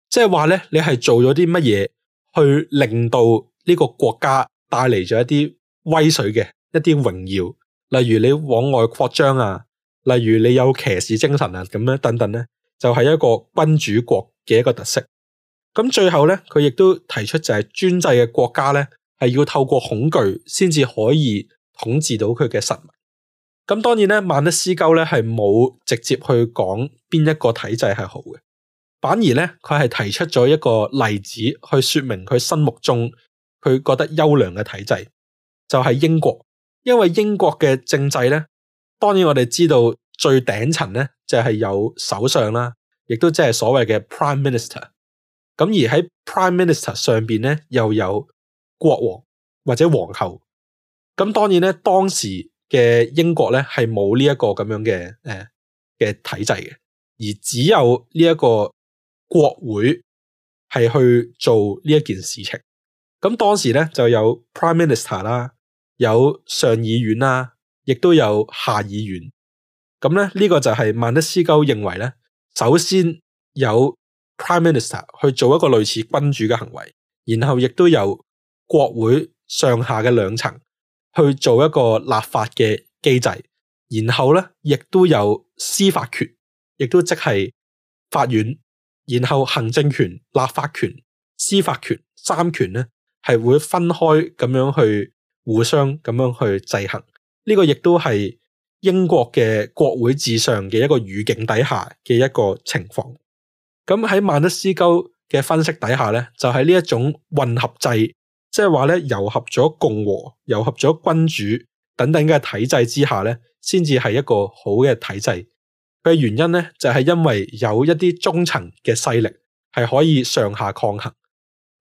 即係話呢，你係做咗啲乜嘢去令到呢個國家帶嚟咗一啲威水嘅一啲榮耀，例如你往外擴張啊。例如你有騎士精神啊，咁樣等等咧，就係一個君主國嘅一個特色。咁最後咧，佢亦都提出就係專制嘅國家咧，係要透過恐懼先至可以統治到佢嘅臣民。咁當然咧，孟德斯鳩咧係冇直接去講邊一個體制係好嘅，反而咧佢係提出咗一個例子去說明佢心目中佢覺得優良嘅體制就係英國，因為英國嘅政制咧。當然我哋知道最頂層咧就係有首相啦，亦都即係所謂嘅 Prime Minister。咁而喺 Prime Minister 上邊咧又有國王或者皇后。咁當然咧，當時嘅英國咧係冇呢一個咁樣嘅誒嘅體制嘅，而只有呢一個國會係去做呢一件事情。咁當時咧就有 Prime Minister 啦，有上議院啦。亦都有下議院，咁咧呢、呢個就係孟德斯鳩認為咧，首先有 prime minister 去做一個類似君主嘅行為，然後亦都有國會上下嘅兩層去做一個立法嘅機制，然後咧亦都有司法權，亦都即係法院，然後行政權、立法權、司法權三權咧係會分開咁樣去互相咁樣去制衡。呢、這個亦都係英國嘅國會至上嘅一個語境底下嘅一個情況。咁喺孟德斯鳩嘅分析底下咧，就係呢一種混合制，即係話咧糅合咗共和、糅合咗君主等等嘅體制之下咧，先至係一個好嘅體制。佢嘅原因咧，就係、是、因為有一啲中層嘅勢力係可以上下抗衡，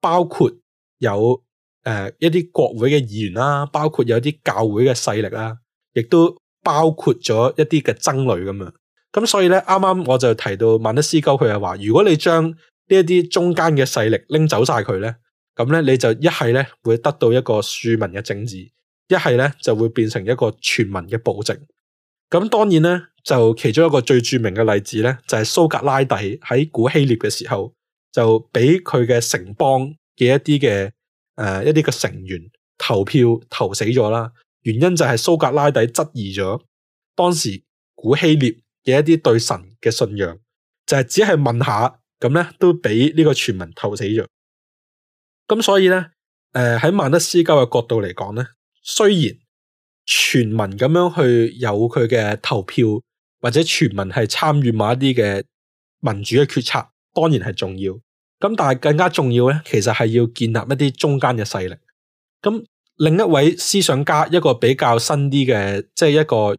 包括有。誒、呃，一啲國會嘅議員啦、啊，包括有啲教會嘅勢力啦、啊，亦都包括咗一啲嘅僧侶咁樣。咁所以咧，啱啱我就提到孟德斯鳩，佢又話，如果你將呢一啲中間嘅勢力拎走晒佢咧，咁咧你就一係咧會得到一個庶民嘅政治，一係咧就會變成一個全民嘅暴政。咁當然咧，就其中一個最著名嘅例子咧，就係、是、蘇格拉底喺古希臘嘅時候，就俾佢嘅城邦嘅一啲嘅。誒、呃，一啲嘅成員投票投死咗啦，原因就係蘇格拉底質疑咗當時古希臘嘅一啲對神嘅信仰，就係、是、只係問下，咁咧都俾呢個全民投死咗。咁所以咧，誒喺孟德斯鳩嘅角度嚟講咧，雖然全民咁樣去有佢嘅投票或者全民係參與某一啲嘅民主嘅決策，當然係重要。咁但係更加重要咧，其實係要建立一啲中間嘅勢力。咁另一位思想家，一個比較新啲嘅，即係一個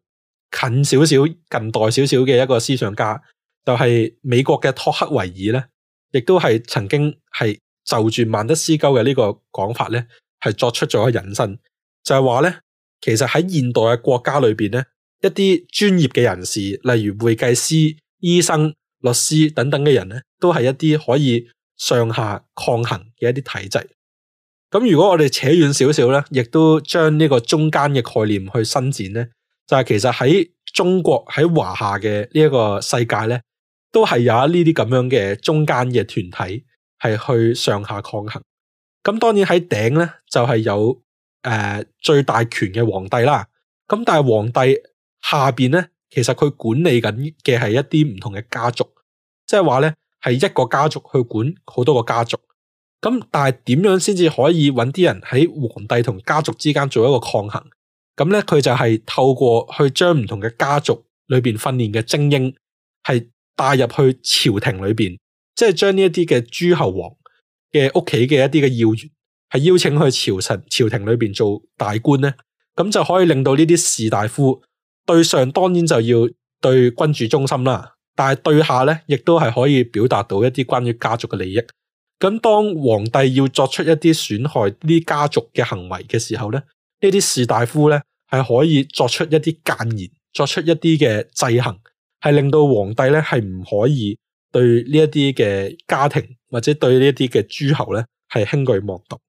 近少少近代少少嘅一個思想家，就係美國嘅托克維爾咧，亦都係曾經係就住孟德斯鳩嘅呢個講法咧，係作出咗引申，就係話咧，其實喺現代嘅國家裏邊咧，一啲專業嘅人士，例如會計師、醫生、律師等等嘅人咧，都係一啲可以。上下抗衡嘅一啲體制，咁如果我哋扯遠少少咧，亦都將呢個中間嘅概念去伸展咧，就係、是、其實喺中國喺華夏嘅呢一個世界咧，都係有呢啲咁樣嘅中間嘅團體係去上下抗衡。咁當然喺頂咧就係、是、有誒、呃、最大權嘅皇帝啦。咁但係皇帝下邊咧，其實佢管理緊嘅係一啲唔同嘅家族，即係話咧。係一個家族去管好多個家族，咁但係點樣先至可以搵啲人喺皇帝同家族之間做一個抗衡？咁呢，佢就係透過去將唔同嘅家族裏邊訓練嘅精英係帶入去朝廷裏邊，即係將呢一啲嘅諸侯王嘅屋企嘅一啲嘅要員係邀請去朝臣朝廷裏邊做大官呢。咁就可以令到呢啲士大夫對上當然就要對君主忠心啦。但係對下咧，亦都係可以表達到一啲關於家族嘅利益。咁當皇帝要作出一啲損害呢家族嘅行為嘅時候咧，呢啲士大夫咧，係可以作出一啲諫言，作出一啲嘅制衡，係令到皇帝咧，係唔可以對呢一啲嘅家庭或者對呢一啲嘅諸侯咧，係輕舉妄動。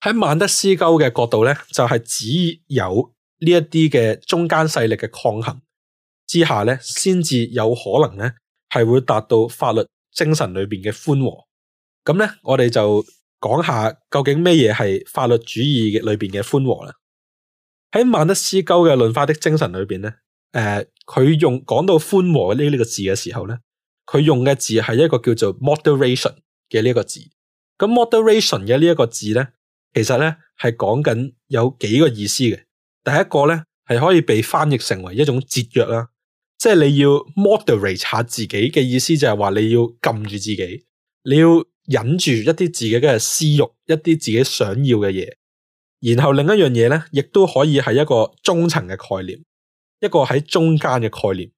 喺孟德斯鳩嘅角度咧，就係、是、只有呢一啲嘅中間勢力嘅抗衡。之下咧，先至有可能咧，係會達到法律精神裏邊嘅寬和。咁咧，我哋就講下究竟咩嘢係法律主義嘅裏邊嘅寬和啦。喺孟德斯鳩嘅《論法的精神》裏邊咧，誒、呃，佢用講到寬和呢呢、呢個字嘅時候咧，佢用嘅字係一個叫做 moderation 嘅呢個字。咁 moderation 嘅呢一個字咧，其實咧係講緊有幾個意思嘅。第一個咧係可以被翻譯成為一種節約啦。即係你要 moderate 下自己嘅意思，就係話你要撳住自己，你要忍住一啲自己嘅私欲，一啲自己想要嘅嘢。然後另一樣嘢咧，亦都可以係一個中層嘅概念，一個喺中間嘅概念。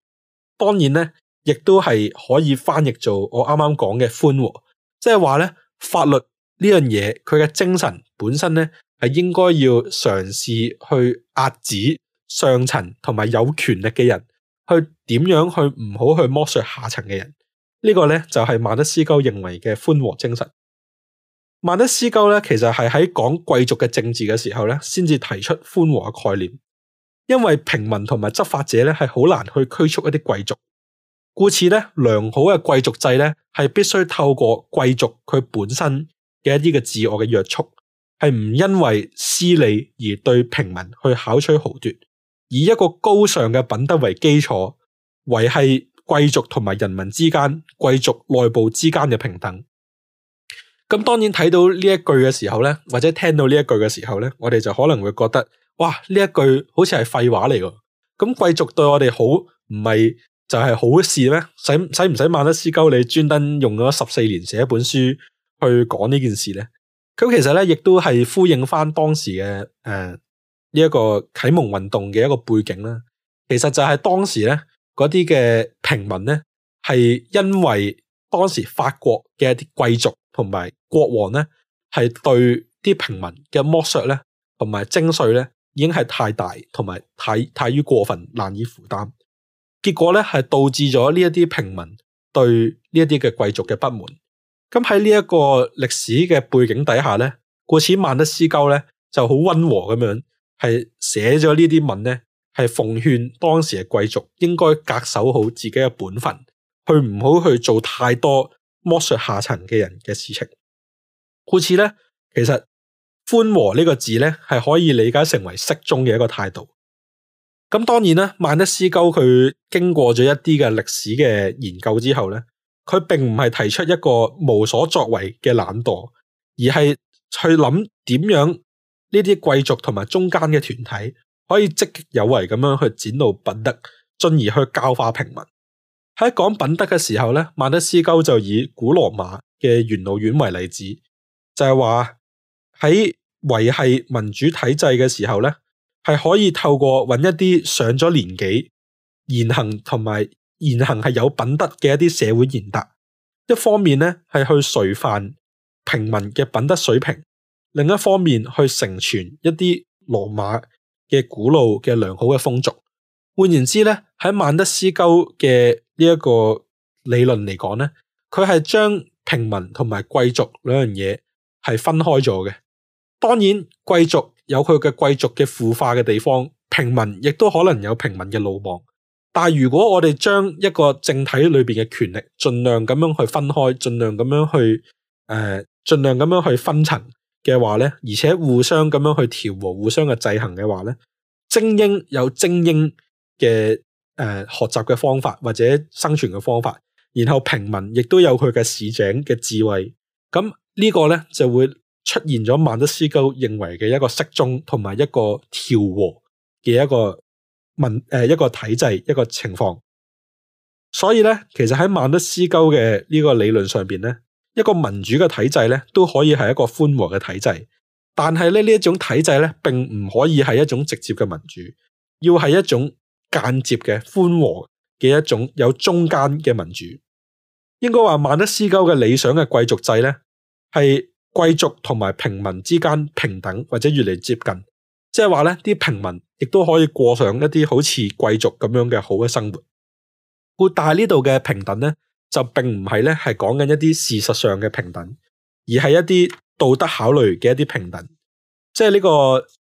當然咧，亦都係可以翻譯做我啱啱講嘅寬和，即係話咧，法律呢樣嘢，佢嘅精神本身咧係應該要嘗試去壓止上層同埋有權力嘅人。去點樣去唔好去剝削下層嘅人？這個、呢個咧就係、是、孟德斯鳩認為嘅寬和精神。孟德斯鳩咧其實係喺講貴族嘅政治嘅時候咧，先至提出寬和嘅概念。因為平民同埋執法者咧係好難去驅逐一啲貴族，故此咧良好嘅貴族制咧係必須透過貴族佢本身嘅一啲嘅自我嘅約束，係唔因為私利而對平民去巧取豪奪，以一個高尚嘅品德為基礎，維繫貴族同埋人民之間、貴族內部之間嘅平等。咁當然睇到呢一句嘅時候咧，或者聽到呢一句嘅時候咧，我哋就可能會覺得，哇！呢一句好似係廢話嚟嘅。咁貴族對我哋好，唔係就係好事咩？使使唔使孟德斯鳩你專登用咗十四年寫一本書去講呢件事咧？咁其實咧，亦都係呼應翻當時嘅誒。呃呢、這、一個啟蒙運動嘅一個背景啦，其實就係當時咧嗰啲嘅平民咧，係因為當時法國嘅一啲貴族同埋國王咧，係對啲平民嘅剝削咧同埋徵稅咧，已經係太大同埋太太於過分難以負擔，結果咧係導致咗呢一啲平民對呢一啲嘅貴族嘅不滿。咁喺呢一個歷史嘅背景底下咧，故此孟德斯鳩咧就好溫和咁樣。係寫咗呢啲文咧，係奉勸當時嘅貴族應該恪守好自己嘅本分，去唔好去做太多剝削下層嘅人嘅事情。故此咧，其實“寬和”呢個字咧，係可以理解成為適中嘅一個態度。咁當然啦，孟德斯鳩佢經過咗一啲嘅歷史嘅研究之後咧，佢並唔係提出一個無所作為嘅懶惰，而係去諗點樣。呢啲貴族同埋中間嘅團體可以積極有為咁樣去展露品德，進而去教化平民。喺講品德嘅時候咧，孟德斯鳩就以古羅馬嘅元老院為例子，就係話喺維繫民主體制嘅時候咧，係可以透過揾一啲上咗年紀言行、同埋言行係有品德嘅一啲社會賢達，一方面咧係去垂範平民嘅品德水平。另一方面，去承傳一啲羅馬嘅古老嘅良好嘅風俗。換言之咧，喺孟德斯鳩嘅呢一個理論嚟講咧，佢係將平民同埋貴族兩樣嘢係分開咗嘅。當然，貴族有佢嘅貴族嘅腐化嘅地方，平民亦都可能有平民嘅魯莽。但係如果我哋將一個政體裏邊嘅權力盡量咁樣去分開，盡量咁樣去誒，盡量咁樣去分層嘅話咧，而且互相咁樣去調和、互相嘅制衡嘅話咧，精英有精英嘅、誒、呃、學習嘅方法或者生存嘅方法，然後平民亦都有佢嘅市井嘅智慧，咁呢個咧就會出現咗孟德斯鳩認為嘅一個適中同埋一個調和嘅一個民、誒、呃、一個體制一個情況。所以咧，其實喺孟德斯鳩嘅呢個理論上邊咧。一個民主嘅體制咧，都可以係一個寬和嘅體制，但係咧，呢一種體制咧，並唔可以係一種直接嘅民主，要係一種間接嘅寬和嘅一種有中間嘅民主。應該話孟德斯鳩嘅理想嘅貴族制咧，係貴族同埋平民之間平等或者越嚟越接近，即係話咧，啲平民亦都可以過上一啲好似貴族咁樣嘅好嘅生活。但係呢度嘅平等咧，就並唔係咧，係講緊一啲事實上嘅平等，而係一啲道德考慮嘅一啲平等。即係呢個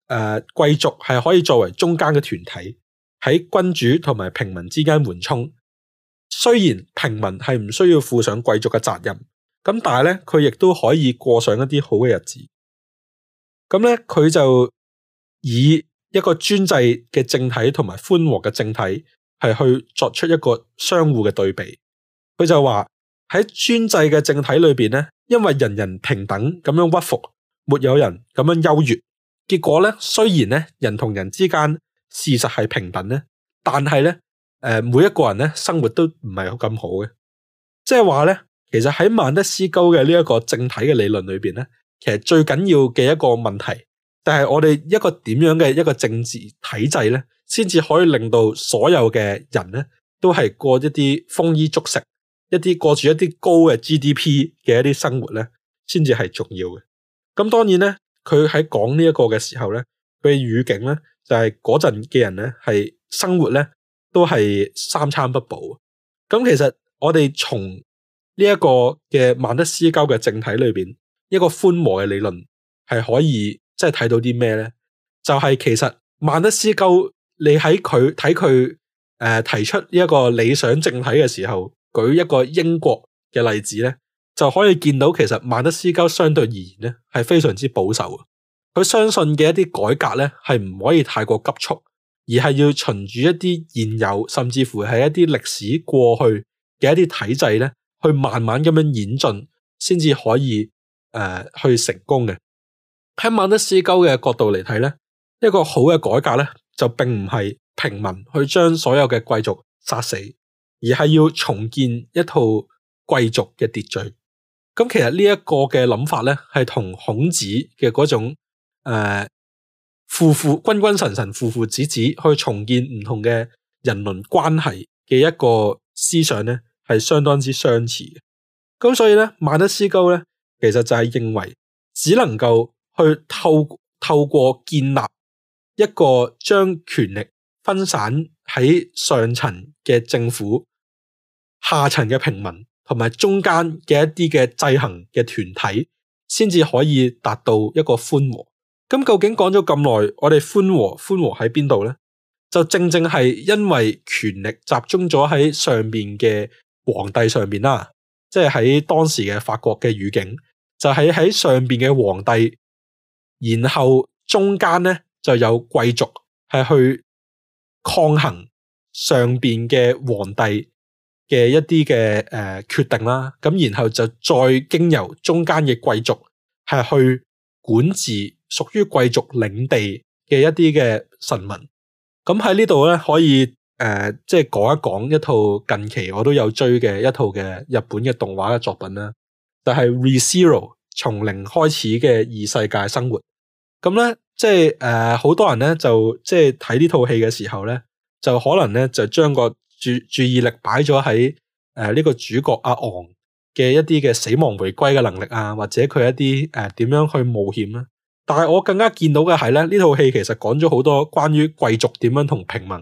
誒，貴族係可以作為中間嘅團體，喺君主同埋平民之間緩衝。雖然平民係唔需要負上貴族嘅責任，咁但係咧，佢亦都可以過上一啲好嘅日子。咁咧，佢就以一個專制嘅政體同埋寬和嘅政體，係去作出一個相互嘅對比。佢就話喺專制嘅政體裏邊咧，因為人人平等咁樣屈服，沒有人咁樣優越。結果咧，雖然咧人同人之間事實係平等咧，但係咧，誒、呃、每一個人咧生活都唔係咁好嘅。即係話咧，其實喺孟德斯鳩嘅呢一個政體嘅理論裏邊咧，其實最緊要嘅一個問題，就係我哋一個點樣嘅一個政治體制咧，先至可以令到所有嘅人咧都係過一啲豐衣足食。一啲過住一啲高嘅 GDP 嘅一啲生活咧，先至係重要嘅。咁當然咧，佢喺講呢一個嘅時候咧，佢嘅語境咧就係嗰陣嘅人咧係生活咧都係三餐不保。咁其實我哋從呢一個嘅孟德斯鳩嘅政體裏邊，一個寬和嘅理論係可以即係睇到啲咩咧？就係、是、其實孟德斯鳩你喺佢睇佢誒提出呢一個理想政體嘅時候。舉一個英國嘅例子咧，就可以見到其實孟德斯鳩相對而言咧係非常之保守嘅，佢相信嘅一啲改革咧係唔可以太過急促，而係要循住一啲現有，甚至乎係一啲歷史過去嘅一啲體制咧，去慢慢咁樣演進，先至可以誒、呃、去成功嘅。喺孟德斯鳩嘅角度嚟睇咧，一個好嘅改革咧就並唔係平民去將所有嘅貴族殺死。而係要重建一套貴族嘅秩序，咁其實呢一個嘅諗法呢，係同孔子嘅嗰種誒父父君君臣臣父父子子去重建唔同嘅人倫關係嘅一個思想呢，係相當之相似嘅。咁所以呢，孟德斯鳩呢，其實就係認為只能夠去透透過建立一個將權力分散。喺上層嘅政府、下層嘅平民同埋中間嘅一啲嘅制衡嘅團體，先至可以達到一個寬和。咁究竟講咗咁耐，我哋寬和寬和喺邊度呢？就正正係因為權力集中咗喺上邊嘅皇帝上邊啦，即係喺當時嘅法國嘅語境，就係喺上邊嘅皇帝，然後中間呢就有貴族係去。抗衡上邊嘅皇帝嘅一啲嘅誒決定啦，咁然後就再經由中間嘅貴族係去管治屬於貴族領地嘅一啲嘅臣民。咁喺呢度咧可以誒，即係講一講一套近期我都有追嘅一套嘅日本嘅動畫嘅作品啦。就係《Re:Zero》從零開始嘅異世界生活。咁咧，即係誒，好多人咧就即係睇呢套戲嘅時候咧，就可能咧就將個注注意力擺咗喺誒呢個主角阿昂嘅一啲嘅死亡回歸嘅能力啊，或者佢一啲誒點樣去冒險啦、啊。但係我更加見到嘅係咧，呢套戲其實講咗好多關於貴族點樣同平民、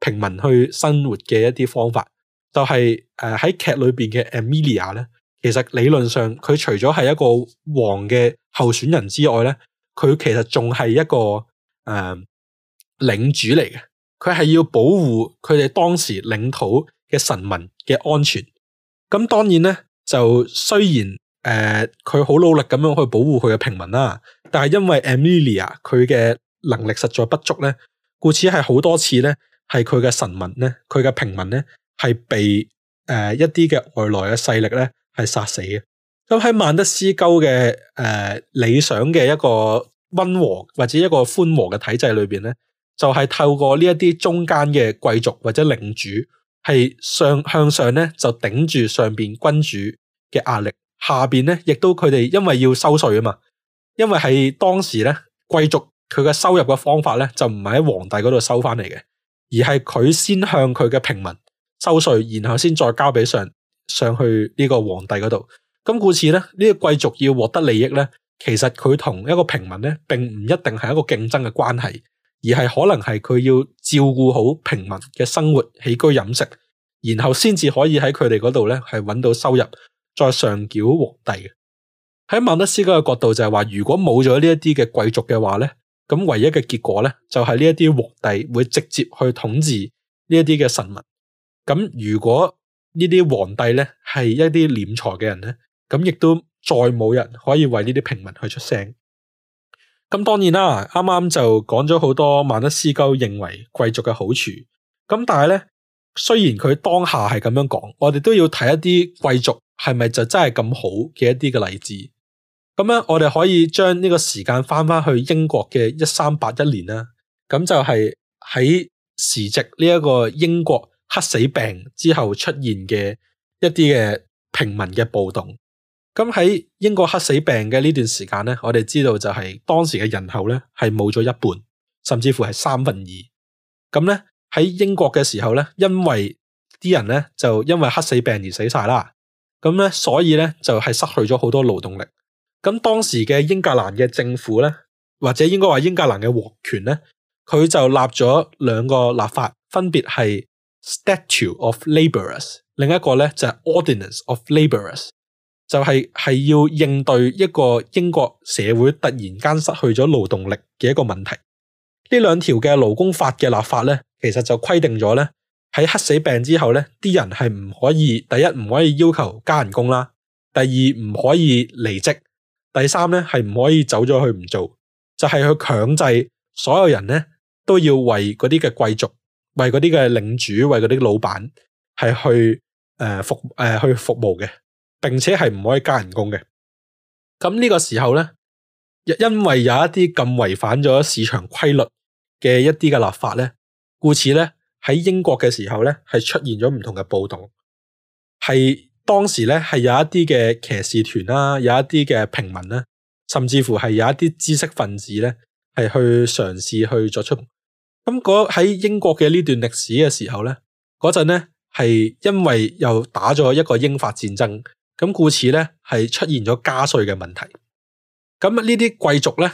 平民去生活嘅一啲方法，就係誒喺劇裏邊嘅 Emilia 咧，其實理論上佢除咗係一個王嘅候選人之外咧。佢其實仲係一個誒、呃、領主嚟嘅，佢係要保護佢哋當時領土嘅臣民嘅安全。咁當然咧，就雖然誒佢好努力咁樣去保護佢嘅平民啦，但係因為 Emilia 佢嘅能力實在不足咧，故此係好多次咧，係佢嘅臣民咧，佢嘅平民咧，係被誒一啲嘅外來嘅勢力咧係殺死嘅。咁喺孟德斯鳩嘅誒理想嘅一個溫和或者一個寬和嘅體制裏邊咧，就係、係、透過呢一啲中間嘅貴族或者領主，係上向上咧就頂住上邊君主嘅壓力，下邊咧亦都佢哋因為要收稅啊嘛，因為係當時咧貴族佢嘅收入嘅方法咧就唔係喺皇帝嗰度收翻嚟嘅，而係佢先向佢嘅平民收稅，然後先再，再交俾上上去呢個皇帝嗰度。咁故此咧，呢個貴族要獲得利益咧，其實佢同一個平民咧，並唔一定係一個競爭嘅關係，而係可能係佢要照顧好平民嘅生活起居飲食，然後先至可以喺佢哋嗰度咧係搵到收入，再上繳皇帝。喺孟德斯鳩嘅角度就係話，如果冇咗呢一啲嘅貴族嘅話咧，咁唯一嘅結果咧就係呢一啲皇帝會直接去統治呢一啲嘅臣民。咁如果呢啲皇帝咧係一啲斂財嘅人咧？咁亦都再冇人可以為呢啲平民去出聲。咁當然啦，啱啱就講咗好多孟德斯鳩認為貴族嘅好處。咁但係咧，雖然佢當下係咁樣講，我哋都要睇一啲貴族係咪就真係咁好嘅一啲嘅例子。咁樣，我哋可以將呢個時間翻翻去英國嘅一三八一年啦。咁就係喺時值呢一個英國黑死病之後出現嘅一啲嘅平民嘅暴動。咁喺英國黑死病嘅呢段時間咧，我哋知道就係當時嘅人口咧係冇咗一半，甚至乎係三分二。咁咧喺英國嘅時候咧，因為啲人咧就因為黑死病而死晒啦。咁咧，所以咧就係、是、失去咗好多勞動力。咁當時嘅英格蘭嘅政府咧，或者應該話英格蘭嘅王權咧，佢就立咗兩個立法，分別係 s t a t u e of l a b o r e r s 另一個咧就係、是、Ordinance of l a b o r e r s 就係、是、係要應對一個英國社會突然間失去咗勞動力嘅一個問題。呢兩條嘅勞工法嘅立法咧，其實就規定咗咧，喺黑死病之後咧，啲人係唔可以第一唔可以要求加人工啦，第二唔可以離職，第三咧係唔可以走咗去唔做，就係、是、去強制所有人咧都要為嗰啲嘅貴族、為嗰啲嘅領主、為嗰啲老闆係去誒、呃、服誒去、呃、服務嘅。並且係唔可以加人工嘅。咁呢個時候呢，因為有一啲咁違反咗市場規律嘅一啲嘅立法呢，故此呢，喺英國嘅時候呢，係出現咗唔同嘅暴動，係當時呢，係有一啲嘅騎士團啦、啊，有一啲嘅平民啦、啊，甚至乎係有一啲知識分子呢，係去嘗試去作出。咁嗰喺英國嘅呢段歷史嘅時候呢，嗰陣呢，係因為又打咗一個英法戰爭。咁故此咧，係出現咗加稅嘅問題。咁呢啲貴族咧，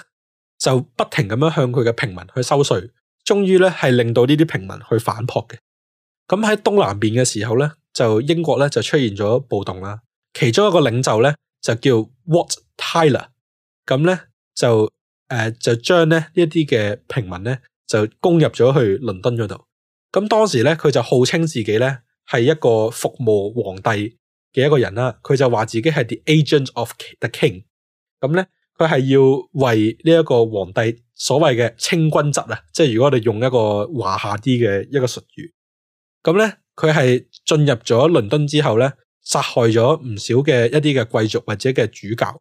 就不停咁樣向佢嘅平民去收稅，終於咧係令到呢啲平民去反撲嘅。咁喺東南邊嘅時候咧，就英國咧就出現咗暴動啦。其中一個領袖咧就叫 Wat Tyler，咁咧就誒、呃、就將咧呢一啲嘅平民咧就攻入咗去倫敦嗰度。咁當時咧佢就號稱自己咧係一個服務皇帝。嘅一個人啦，佢就話自己係 The agent of the King。咁咧，佢係要為呢一個皇帝所謂嘅清君側啊，即係如果我哋用一個華夏啲嘅一個術語，咁咧佢係進入咗倫敦之後咧，殺害咗唔少嘅一啲嘅貴族或者嘅主教。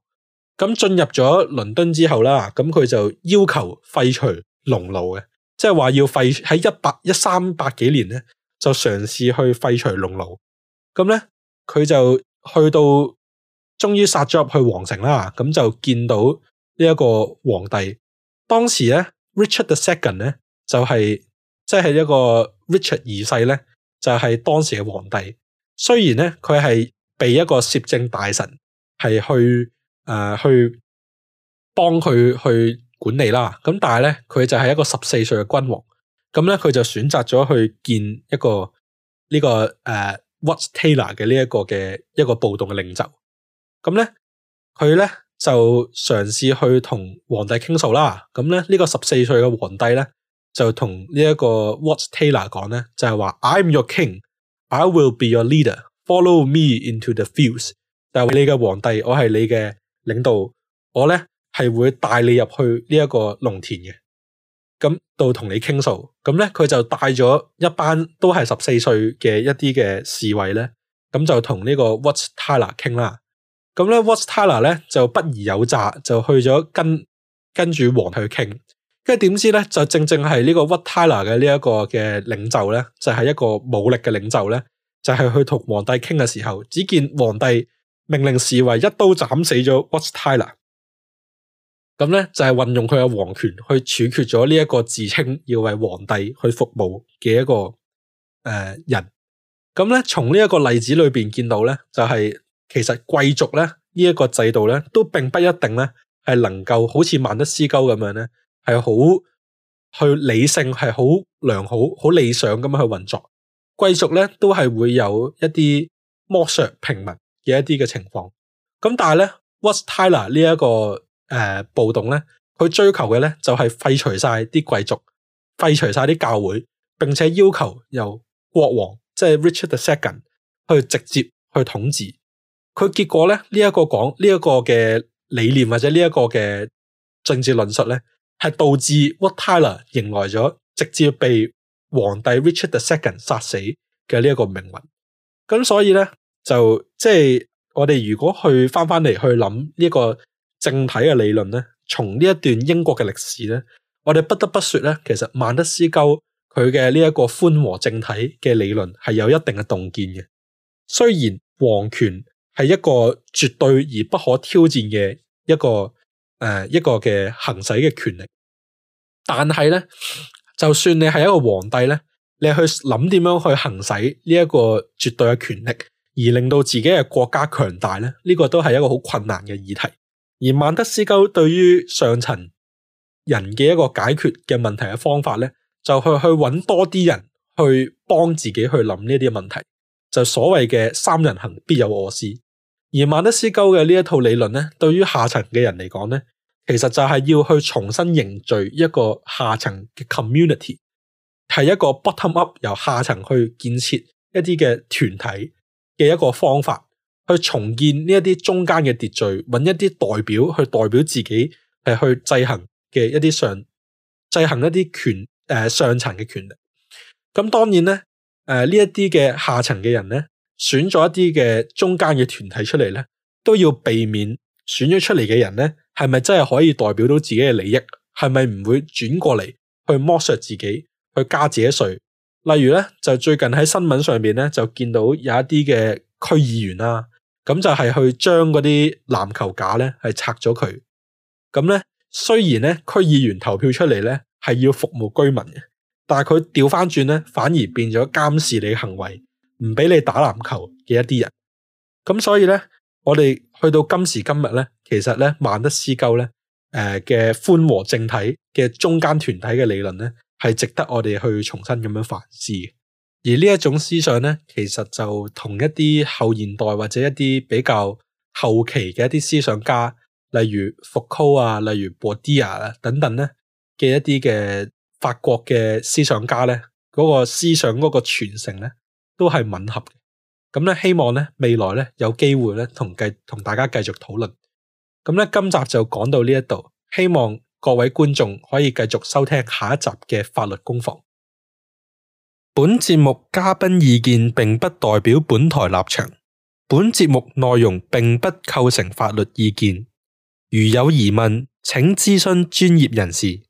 咁進入咗倫敦之後啦，咁佢就要求廢除農奴嘅，即係話要廢喺一百、一三百幾年咧，就嘗試去廢除農奴。咁咧。佢就去到，終於殺咗入去皇城啦。咁就見到呢一個皇帝。當時咧，Richard the Second 咧就係即係一個 Richard 二世咧，就係、是、當時嘅皇帝。雖然咧佢係被一個攝政大臣係去誒、呃、去幫佢去管理啦。咁但係咧佢就係一個十四歲嘅君王。咁咧佢就選擇咗去見一個呢、呢個誒。呃 Wat Tyler 嘅呢一個嘅一個暴動嘅領袖，咁咧佢咧就嘗試去同皇帝傾訴啦。咁咧呢、這個十四歲嘅皇帝咧就同呢一個 Wat Tyler 講咧，就係話、就是、I'm your king, I will be your leader, follow me into the fields 但。但係你嘅皇帝，我係你嘅領導，我咧係會帶你入去呢一個農田嘅。咁到同你傾訴，咁咧佢就帶咗一班都係十四歲嘅一啲嘅侍衛咧，咁就同呢個 Watt Tyler 傾啦。咁咧 Watt Tyler 咧就不疑有詐，就去咗跟跟住皇帝去傾。跟住點知咧就正正係呢個 Watt Tyler 嘅呢一個嘅領袖咧，就係一個武力嘅領袖咧，就係去同皇帝傾嘅時候，只見皇帝命令侍衛一刀斬死咗 Watt Tyler。咁咧就係運用佢嘅皇權去處決咗呢一個自稱要為皇帝去服務嘅一個誒、呃、人。咁咧從呢一個例子裏邊見到咧，就係、是、其實貴族咧呢一、這個制度咧都並不一定咧係能夠好似孟德斯鳩咁樣咧係好去理性，係好良好好理想咁樣去運作。貴族咧都係會有一啲剝削平民嘅一啲嘅情況。咁但係咧，Wat Tyler 呢一、這個？誒、呃，暴動咧，佢追求嘅咧就係、是、廢除晒啲貴族，廢除晒啲教會，並且要求由國王，即係 Richard the Second 去直接去統治。佢結果咧呢一、這個講呢一、這個嘅理念或者呢一個嘅政治論述咧，係導致 Wat Tyler 迎來咗直接被皇帝 Richard the Second 殺死嘅呢一個命運。咁所以咧就即係我哋如果去返返嚟去諗呢、這個。正體嘅理論咧，從呢一段英國嘅歷史咧，我哋不得不說咧，其實曼德斯鳩佢嘅呢一個寬和正體嘅理論係有一定嘅洞見嘅。雖然皇權係一個絕對而不可挑戰嘅一個誒、呃、一個嘅行使嘅權力，但係咧，就算你係一個皇帝咧，你去諗點樣去行使呢一個絕對嘅權力，而令到自己嘅國家強大咧，呢、這個都係一個好困難嘅議題。而孟德斯鳩對於上層人嘅一個解決嘅問題嘅方法咧，就去去揾多啲人去幫自己去諗呢啲問題，就所謂嘅三人行必有我師。而孟德斯鳩嘅呢一套理論咧，對於下層嘅人嚟講咧，其實就係要去重新凝聚一個下層嘅 community，係一個 bottom up 由下層去建設一啲嘅團體嘅一個方法。去重建呢一啲中間嘅秩序，搵一啲代表去代表自己，係去制衡嘅一啲上制衡一啲權誒、呃、上層嘅權力。咁當然咧，誒、呃、呢一啲嘅下層嘅人咧，選咗一啲嘅中間嘅團體出嚟咧，都要避免選咗出嚟嘅人咧，係咪真係可以代表到自己嘅利益？係咪唔會轉過嚟去剝削自己，去加自己稅？例如咧，就最近喺新聞上面咧，就見到有一啲嘅區議員啦、啊。咁就係去將嗰啲籃球架咧係拆咗佢。咁咧雖然咧區議員投票出嚟咧係要服務居民嘅，但係佢調翻轉咧反而變咗監視你嘅行為，唔俾你打籃球嘅一啲人。咁所以咧，我哋去到今時今日咧，其實咧孟德斯鳩咧誒嘅寬和政體嘅中間團體嘅理論咧，係值得我哋去重新咁樣反思嘅。而呢一種思想咧，其實就同一啲後現代或者一啲比較後期嘅一啲思想家，例如福柯啊，例如博迪亞啊等等咧嘅一啲嘅法國嘅思想家咧，嗰、嗰個思想嗰個傳承咧，都係吻合嘅。咁咧，希望咧未來咧有機會咧同繼同大家繼續討論。咁咧，今集就講到呢一度，希望各位觀眾可以繼續收聽下一集嘅法律攻防。本節目嘉賓意見並不代表本台立場，本節目內容並不構成法律意見。如有疑問，請諮詢專業人士。